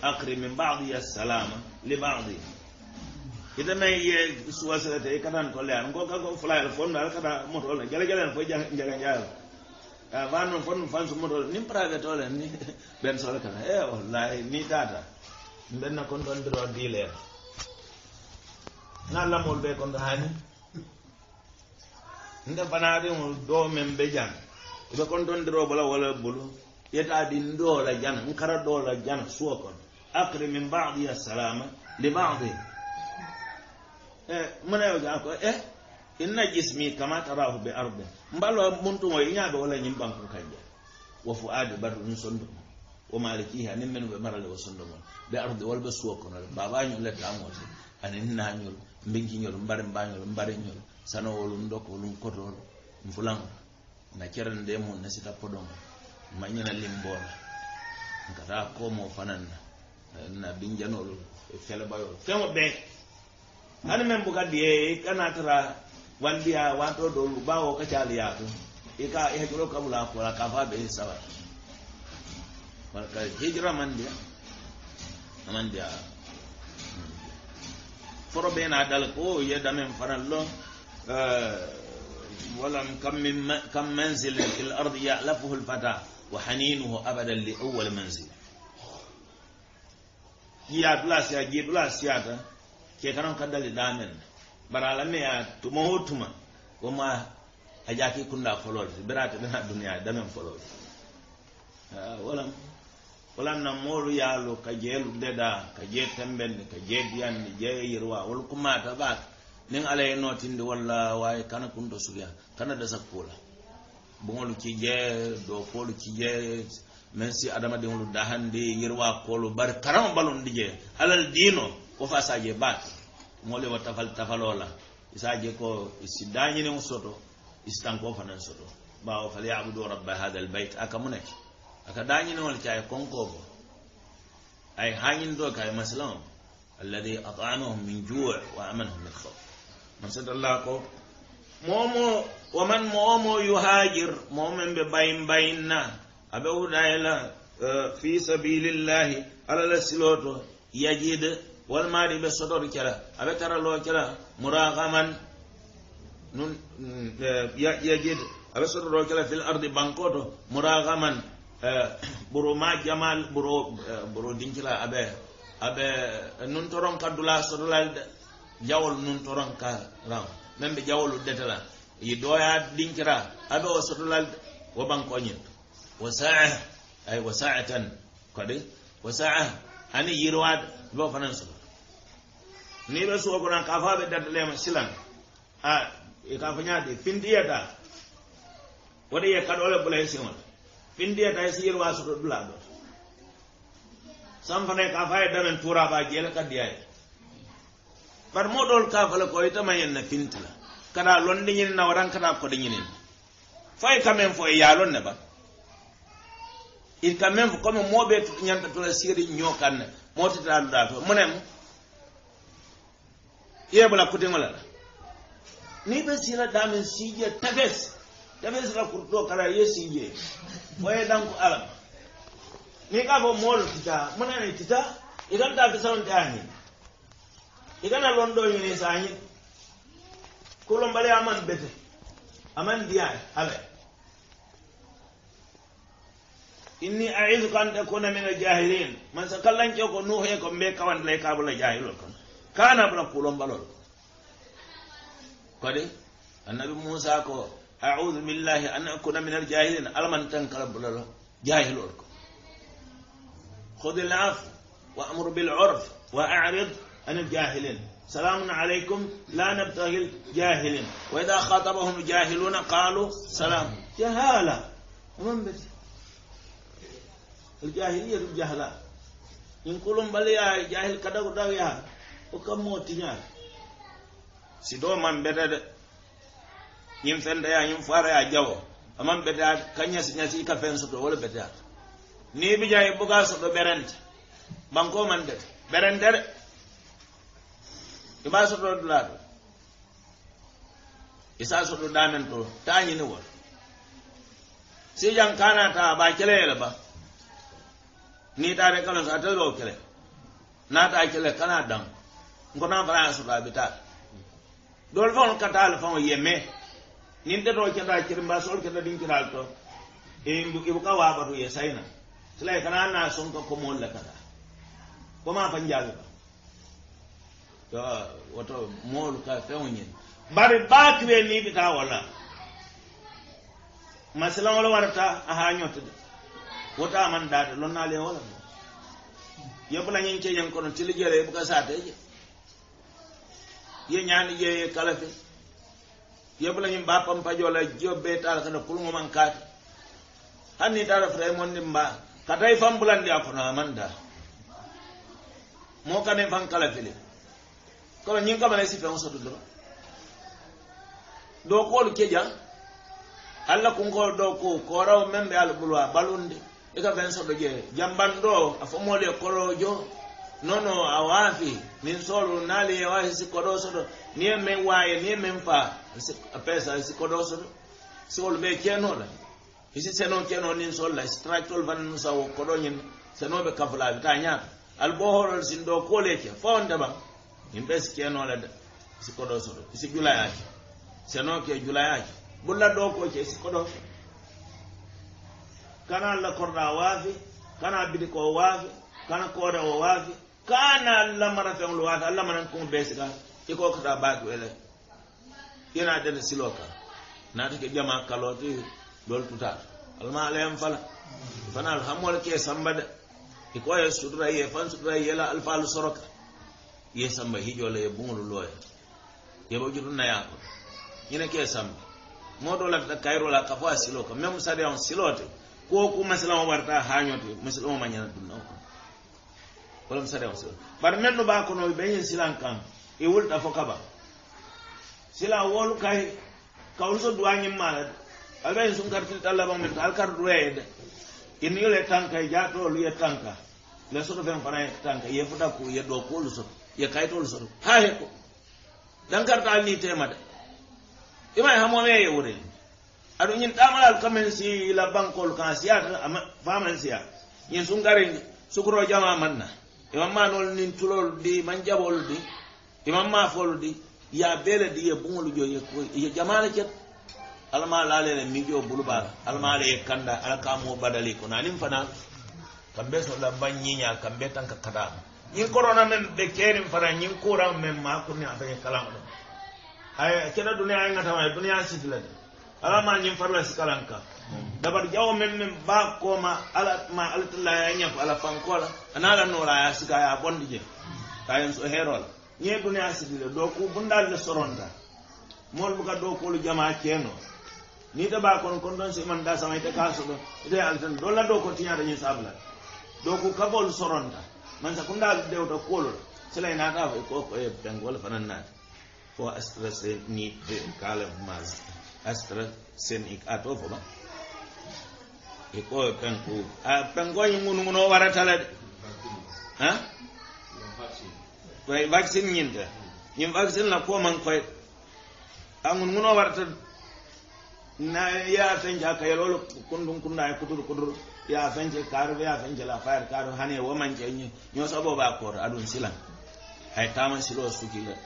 akri min ba'di as-salama ya li ba'di ita mai ye suwasa ta ikatan ko le an go ka go fly phone da kata mo to le jale jale fo jale jale Eh, fano fon fan sumoto nin prave tole ni ɓen sol kana e wallahi ni tata mbenna kon ɗon droit dilaire na lamol ɓe kon ɗo hani nde fanaɗi do men ɓe jan ɓe kon ɗon droit bola wala bolu yetaɗi ndola jan nkara ɗola jan suwa kon acre min badi assalama li badi e eh, mona yo ga ko e eh? inna jismi kama tarahu be arde mbalwa muntumo iñaɓe wala ñimɓanko kanja wo fo aade baru ɗum sondomon wo malikiha nin men ɓe marale wo sondomon ɓe arde wolɓe suwokonole babañol lettamoto anin nañol mbinkiñol mbare mbañol mbareñol sanowolum dokolum kotol fulan na cerande mum ne sita podomo mañana limbola kata komo fananna na binjanolu e felebayol femo ɓe hani men bugaddi e, e kanatara wandiya wanto dolu bawo ka cali yato ika ihajiro kabula kola kafa be sawa barka hijira mandiya mandiya foro be na dal ko ye damen fanan lo ولم كم من كم منزل في الارض يألفه الفتى وحنينه ابدا لاول منزل هي بلاس يا جي بلاس يا كي كانوا كدل دامن bara ala meya tuma o tuma woma a jaaki kunda folole birate ɗana duniya damen folole ah, walam wala na moolu yaalu ka jeelu deda ka jee tembenni ka jee diyanni jee yirwa wol kumata ɓaaka nin ala ye nootindi walla waye kana kunto suya kana dasa kuula boŋolu ci jee do koolu ci jee même si adamadiŋolu dahandi yirwa koolu bari karama balun di jee alal diino ko fa sa je baake mole wa tafal tafalola isaje ko isidañi ne soto istanko fanan soto bawo fal ya'budu rabb hadha albayt aka munaki aka dañi ne wal cay konko bo ay hañin do kay maslam alladhi at'amahum min ju' wa amanahum min khawf man sadalla ko momo wa man momo yuhajir momen be bayin bayinna abe wudayla fi sabilillahi ala lasiloto yajid walma ɗi ɓe soɗori kela aɓe tara lo kela murakaman nun yajid aɓe soɗoro kela fil ardi bankoto murakaman ɓuro ma jamal ɓuro ɓuro dinkila aɓe aɓe nun toron ka dula soɗolal jawol nun toron ka ran men ɓe jawolu detela yi doya dinkira aɓe o soɗolal wo bankoñin wo saa ay wo saatan kadi wo saa ani yirwaade bo fanan soto ni ɓe suwogonan e ka faɓe dardalema silan a ka foñade findiyata woɗaye kaɗole ɓulay siwol findiyata si yel wasoto ɗula ɗo sam fanay ka faye damen turaɓa jeele kaddiyay par moɗol kafale ko yitama henna fintala kada londiñini nawaran kada koɗiñinin fay quand même fo e yaalon ne ba il quand même comme moɓe ñantatula siri ñokanne mootitaluɗa to munem yeɓola kutegol ala ni ɓe sila damin sijie tafes tafes la kurto kara ye sijie oye danko alama ni ka fo moolo tita munani tita iganta besalonte a hin igana londo yini sa hin kulombale aman bete aman diya ala inni aizuka ante kuna mine jahilin man sa kallanke ko nuhe ko mbe kawan lay kabula jahilol kon kana bula kulombalol kodi annabi musa ko audu billahi an akuna min aljahilin alaman tankala bulalo jahilol ko wa خذ العفو وأمر بالعرف وأعرض عن الجاهلين سلام عليكم لا نبتغي الجاهلين وإذا خاطبهم الجاهلون قالوا سلام جهالة ومن بس الجاهلية الجهلاء كلهم بل يا جاهل كذا وكذا يا o kam mo tiñaare si do man bete de ñin fendaya ñin faaraya jawo aman beteya ka ñasi ñasi ka fen soto wala beteyata ni bijay buga soto berente banko man dete berente de iba soto dulaato isa soto damen to tañini wol si jang kanata ba keleyele ba ni taare kalon sa a telo kele naata kele kana dango ngona fana sota hôpital dole fon kata le fon yeme nin de do kata kirim ba sol kata din kiral to e ndu ibu ka waba ye sayna sila kana na son ko ko mon la kata ko ma fan jalu to woto mol ka fon nyen bari batwe ni bita wala masalan wala warta a ha nyoto de woto amanda de lonna le wala yobla nyen ceyen ko no tilijere ibu ka sa je ye ñaani yeye kalafe yebula ñim ba pampajola jio be tala kana kulungo man kaati hanni tara fray mondi mba katay fan bulandi a kono amanda mo kamen fan kalafele kono ñin kamana si fen sotu doro do koolu keja alla kunkol do ko korawo men be ala ɓulwa balunde e ka fen soɗo jee jambanɗo a fomole korojo nono a waafi min soolu naali e waawi sikkoɗo soɗo ni e min waaye ni e min faa a peesa sikkoɗo soɗo soolu ɓe ceenoɗa isi seno ceeno nin solla si tractol vannusa wokkoɗo ñin senoɓe kafalaɓe ta ñaata albo hoɗol sin ɗo koole ce fawndema min ɓe si ceenoɗa sikkoɗo soɗo isi julayaaki seno ke julayaaki ɓulla ɗo ko ce sikkoɗo kana allah korɗa waafi kana biɗi ko waafi kana koore o waafi kana lamara feŋ lo waata alla manaŋ kuŋo bee sika i ko kata baaki wele i naa dene siloo kaŋ naata ke jama kaloo ti doolu tutaata alama alayaŋ fala fana alhamol kee samba de i ko ye sutura ye faŋ sutura ye la alfaalu soroka ye samba hijoo la ye buŋolu looya ye ba jutu nayaa ko ñine kee samba moo doo lafita kayiro la ka fo a siloo ka meme sariyaŋo siloo ti koo ku masilamo warata haañoti masilamo ma ñana dunna ko walam sadaka sa bar mennu ba kono be yen silan kan e wulta fo kaba sila wolu kay kawul so duwa ngi mala abe sun kartil talla ba min tal kar duwe e de in yule tanka e ja do lu ye tanka le so do fen fara tanka ye fu dakku ye do ko lu so ye kay to lu so ha he ko dan karta ni tema de imay e ha mo me ye wure adu nyin tamala al kamen si la bankol kan siya fa man siya yin sun gare sukuro jama manna imammanol e nin tulolu ɗi man jaɓolu ɗi imammafolu e ɗi ya bele ɗi ye buŋolu jo ye e jamala ket alama laalene mijo bulubala almala ye kanda ala kamo badali ko nanin fana kamɓe so lamba ñiña kamɓe tan ka kadama ñin korona men ɓe keerin fana ñin kuran men ma kurni afañe kalama ɗo hay kene duniya ngatama duniya sifilade alama ñin farla sikalan kam dabar jawo men men ba ko ma ala ma alatalla ya ñafo ala fankola anaala noora ya sika ya bonde je kayen so herola ñe duniya sigile do ko bundal le soronta mol buka do kolu jama ceno ni ta ba kono kon don si man da sama ita kaso do ita ya alatalla do la do ko tiya da ñi sabla do ko kabol soronta man sa kundal dewta kolu silay naata fo ko ko e bengol fanan naata fo astra sen ni de kala mas astra sen ik ato fo ba e ko penko a penko yi ngunu wara tala de ha way vaccine nyinta yim vaccine la ko man koy angun wara tala. na ya san ja kay lolo kundun kunda ya kudur kudur ya san ja karu ya san ja la fire karu hane wa man je nyi nyo sabo ba kor adun silan ay tama silo sukila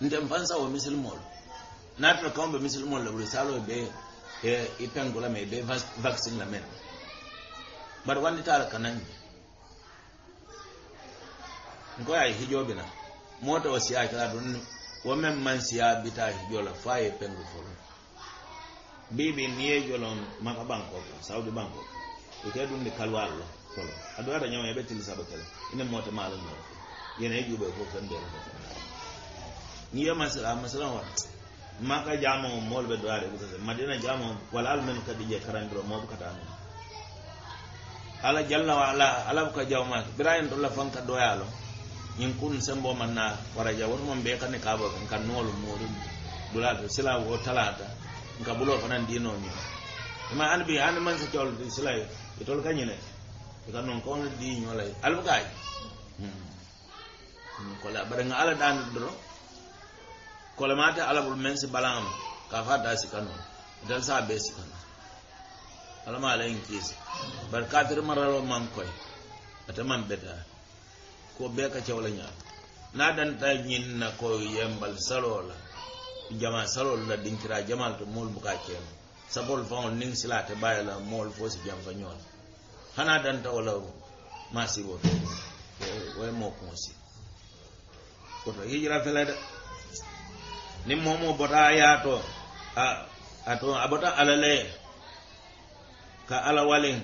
ndem fansa wa misil mol natra kombe misil mol la buri salo be i pengola be vaccine la men bari wandi tara kanan ko ay na mota wasi ay kala don wo man siya bita hijola fa folo e bibi niye maka saudi banko kalwalo folo adu ada maka jama mo mol be ko se madina jama wala al men kadi je karandiro mo bu kata non ala jalla wa ala ala ka jawma ibrahim do la fanka doyalo nyin kun sembo manna wara jawon mon be kan ka ba kan nolu morum dulato sila wo talata nka bulo fanan dino mi ma an bi an man sa tol sila itol kanyine ka non ko di nyola al bukay hmm. hmm, ko la baranga ala dan dro kolemate alabul men si balaŋama ka fa da kanu dan sa be kanu alama in kesi bar kafir maralo man koy ata man beta ko be ka cewla nya na dan ta nyin na ko yembal salola jama salol la dinkira jamal to mol buka ken sabol fon ning silate bayala mol fo si jam fa nyol hana dan ta wala masibo way mo ko si ko to hijra fela da nin momo bota yato ato a bota alale ka ala walin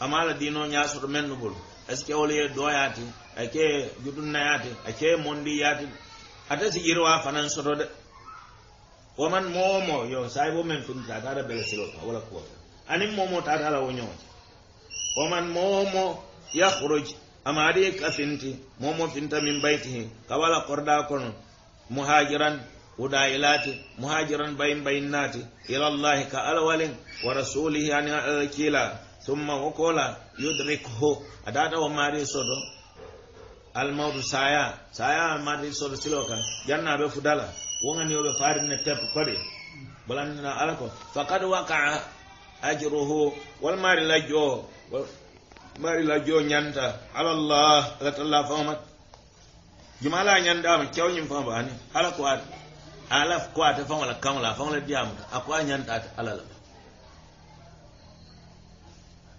amma ala dino ya suru mennu bulu aske wala ye do yati ake gudun na yati ake mondi yati ata sigirwa fanan soro de woman momo yo saibo men fun ta ta da bele silo wala ko anin momo ta ta la wonyo woman momo ya yakhruj amma dai finti. momo finta min baitihi kawala korda kono muhajiran ودايلاتي مهاجرا بين بيناتي إلى الله كألول ورسوله عن يعني كلا ثم وقولا يدركه أدادا وماري صدو الموت سايا سايا ماري صدو سلوكا جنة بفدالا wongani yoɓe farinne teppo koɗe balanina ala ko fakad wakaa ajruhu wal mari lajjo o mari lajjo ñanta alallah alatalla famamat jumala ñandama cewñim fambaani ala ko ade ala ko ta fa wala kamala fa a diam la diyaamuta a ko a ñanta ata ala la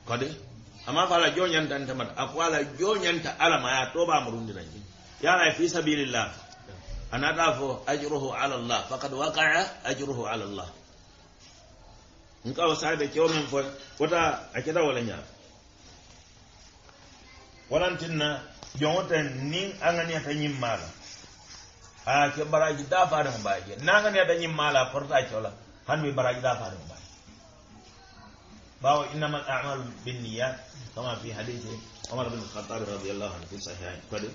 kodi ama fa ala joo ñanta ntamata a ko ala joo ñanta ala ma ye a murundi nañi ya ala fi sabilillah Ana ta fo ajruhu ala allah faqad waqa'a ajruhu ala llah nka wo saabe kewo meŋ fa wota a keta wo nya. ñaama walantin na joŋo ten niŋ a ŋaniyata ñiŋ a ke baraji da faade mo mbaji he nagani a dañim maala porta coola hanmi baraji da faade mo mbaji bawa innama al amal bin niyat kama fi hadithi omar bin alkhatab radiallahu anu fi sahihain kodi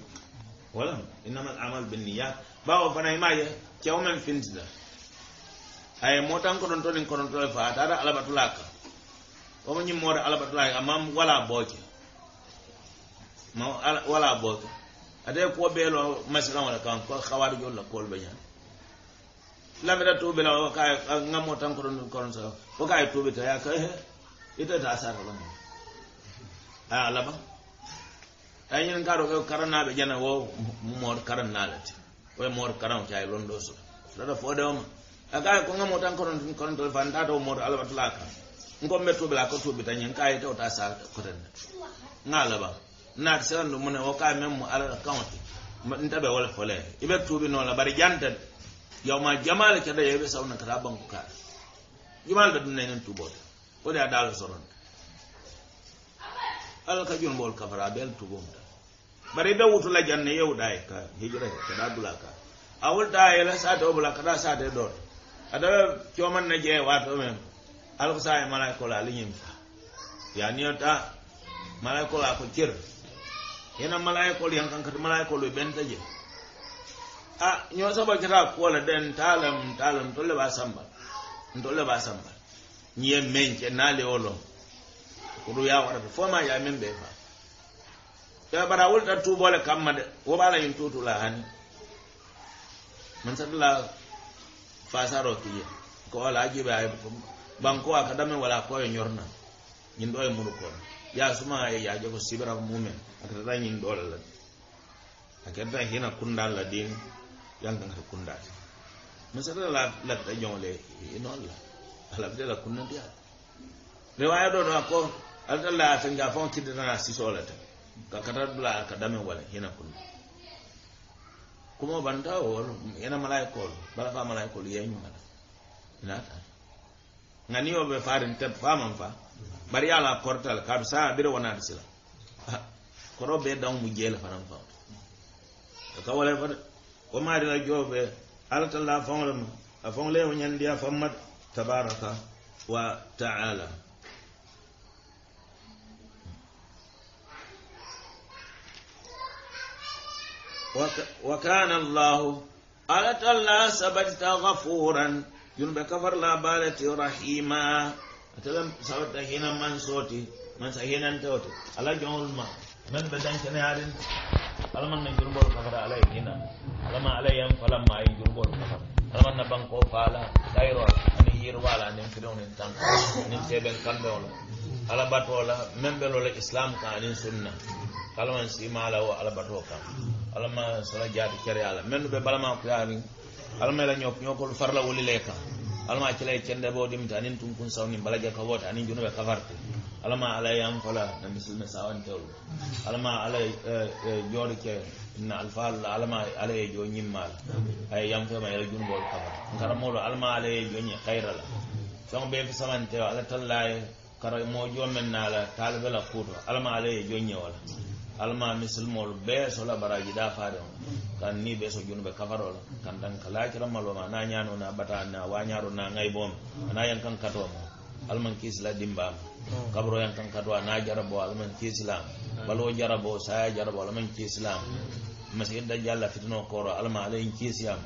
wala innama al amal bin niyat bawa fana himaje cewomen fintida ay motanko ɗon tonin konon tole fa tata alabatula ka omo ñimmode alabatulaka amma wala booce ma wala booce ata ko ɓeelo masilan wala kan ko hawar jolla kol ɓe ñan lamira tuɓe la ka ngammo tan koron koron sa ko kay tuɓe ta yaka eh, eh, itata asara lam a alaba ay ñen ka ro ko karanaɓe jana wo moor karannalati o moor karan e cay e londo so lada fo de ma a kay ko ngammo tan koron koron telephone tata o moor alaba tula ka ngombe tuɓe la ko tuɓe ta ñen kay e tawta asara koten ngalaba naata sirandu mu ne wo kaa meŋ mu alala kaŋote nta be wo le folee i be tuubi noo la bari janta de yowma jamaa le kedaye i be sawna kata a banku kaa jumaa le be dumna ineŋ tuuboo te wo de a daalo soronta alla ka junuboolu kafara a bee le tuuboo muta bari i be wutu la janna yewu daa ye ka hijira he kadaa dulaa kaa a wultaa ye la saate wo bula kadaa saate doo te ada be cooman na jee waato men alko saa ye malaikola ali ñim fa yaa niyo taa malaikola ko cir hena malaikol yan kan kata malaikol be ben taje ah, a nyo sabo kata kola den talam talam tolle ba samba tolle ba samba nyi men ke na le olo ko ya wara fo ma ya men be fa ya bara wol ta tu bole kam ma de wo bala yin tutu la han man sa la fa sa ro ti ko ala ji ba banko akadame wala ko nyorna nyin do e mun ko ya suma ya jago sibra mu men akata dañin ɗoole lan a gerda hina kundal la din yalta ngata kundade misaɗa la ladda ñoole inoolla alabdela kunnadiyal riwaya ɗo ɗo ko aladalla asenga fon kiddetana sisoola ta ka katadula ka dame wala hina kunda kumo banta wol ina malaikol bala fa malaikol yeñumala inata ganiyoɓe farin teb famam fa bari yala kortal kaɓe sa ɓire wonade sila koro be dang mu jeel faram fam to ko wala fat ko maari la jobe alata la fam a fam le wonyan dia fam tabaraka wa ta'ala wa kana allah alata la sabata ghafuran yun be kafar la balati rahima atalam sawta hina man soti man sahina ntoto ala jonul ma من بدنك نهارين ألما نجرب الكفر عليهنا ألما عليهم فلما يجرب الكفر ألما نبنكو فالا خيرا أن يروالا ننفرون انتان ننسيبن كمبولا ألا باتولا من بلول الإسلام كان سنة ألما نسيما له ألا باتوكا ألما سلا جاري كريالا من ببلما كيارين ألما لن يوكل فرلا ولي ليكا alama kila e kende bo dimta anin tun kun sawni balaja ka wota anin junube kafarti alama ala yam fala na misilme sawan tewlu alama ala jori ke na alfal alama ala e jo nyimmal ay yam fema yel junubo kafar ngara molo alama ala e jo nyi khairala song be fi samante ala tallaye karay mo jo men nala talbe la kuto alama ala e jo nyi wala alma misilmol be sola baraji da fare kan ni be so junube kafarol kan dan kala kala maloma na nyano na bata na wanyaro na ngai bom na yan kan kato mo alman kisla dimba kabro yan kan kato na jarabo alman kisla balo jarabo saya jarabo alman kisla masjid jalla fitno koro alma alayn kisiam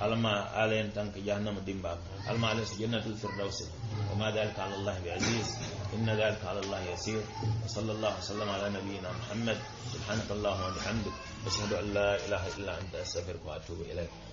alma alayn tank jahannam dimba alma sejana jannatul firdaus وما ذلك allah bi aziz إن ذلك على الله يسير وصلى الله وسلم على نبينا محمد سبحانك اللهم وبحمدك أشهد أن لا إله إلا أنت أستغفرك وأتوب إليك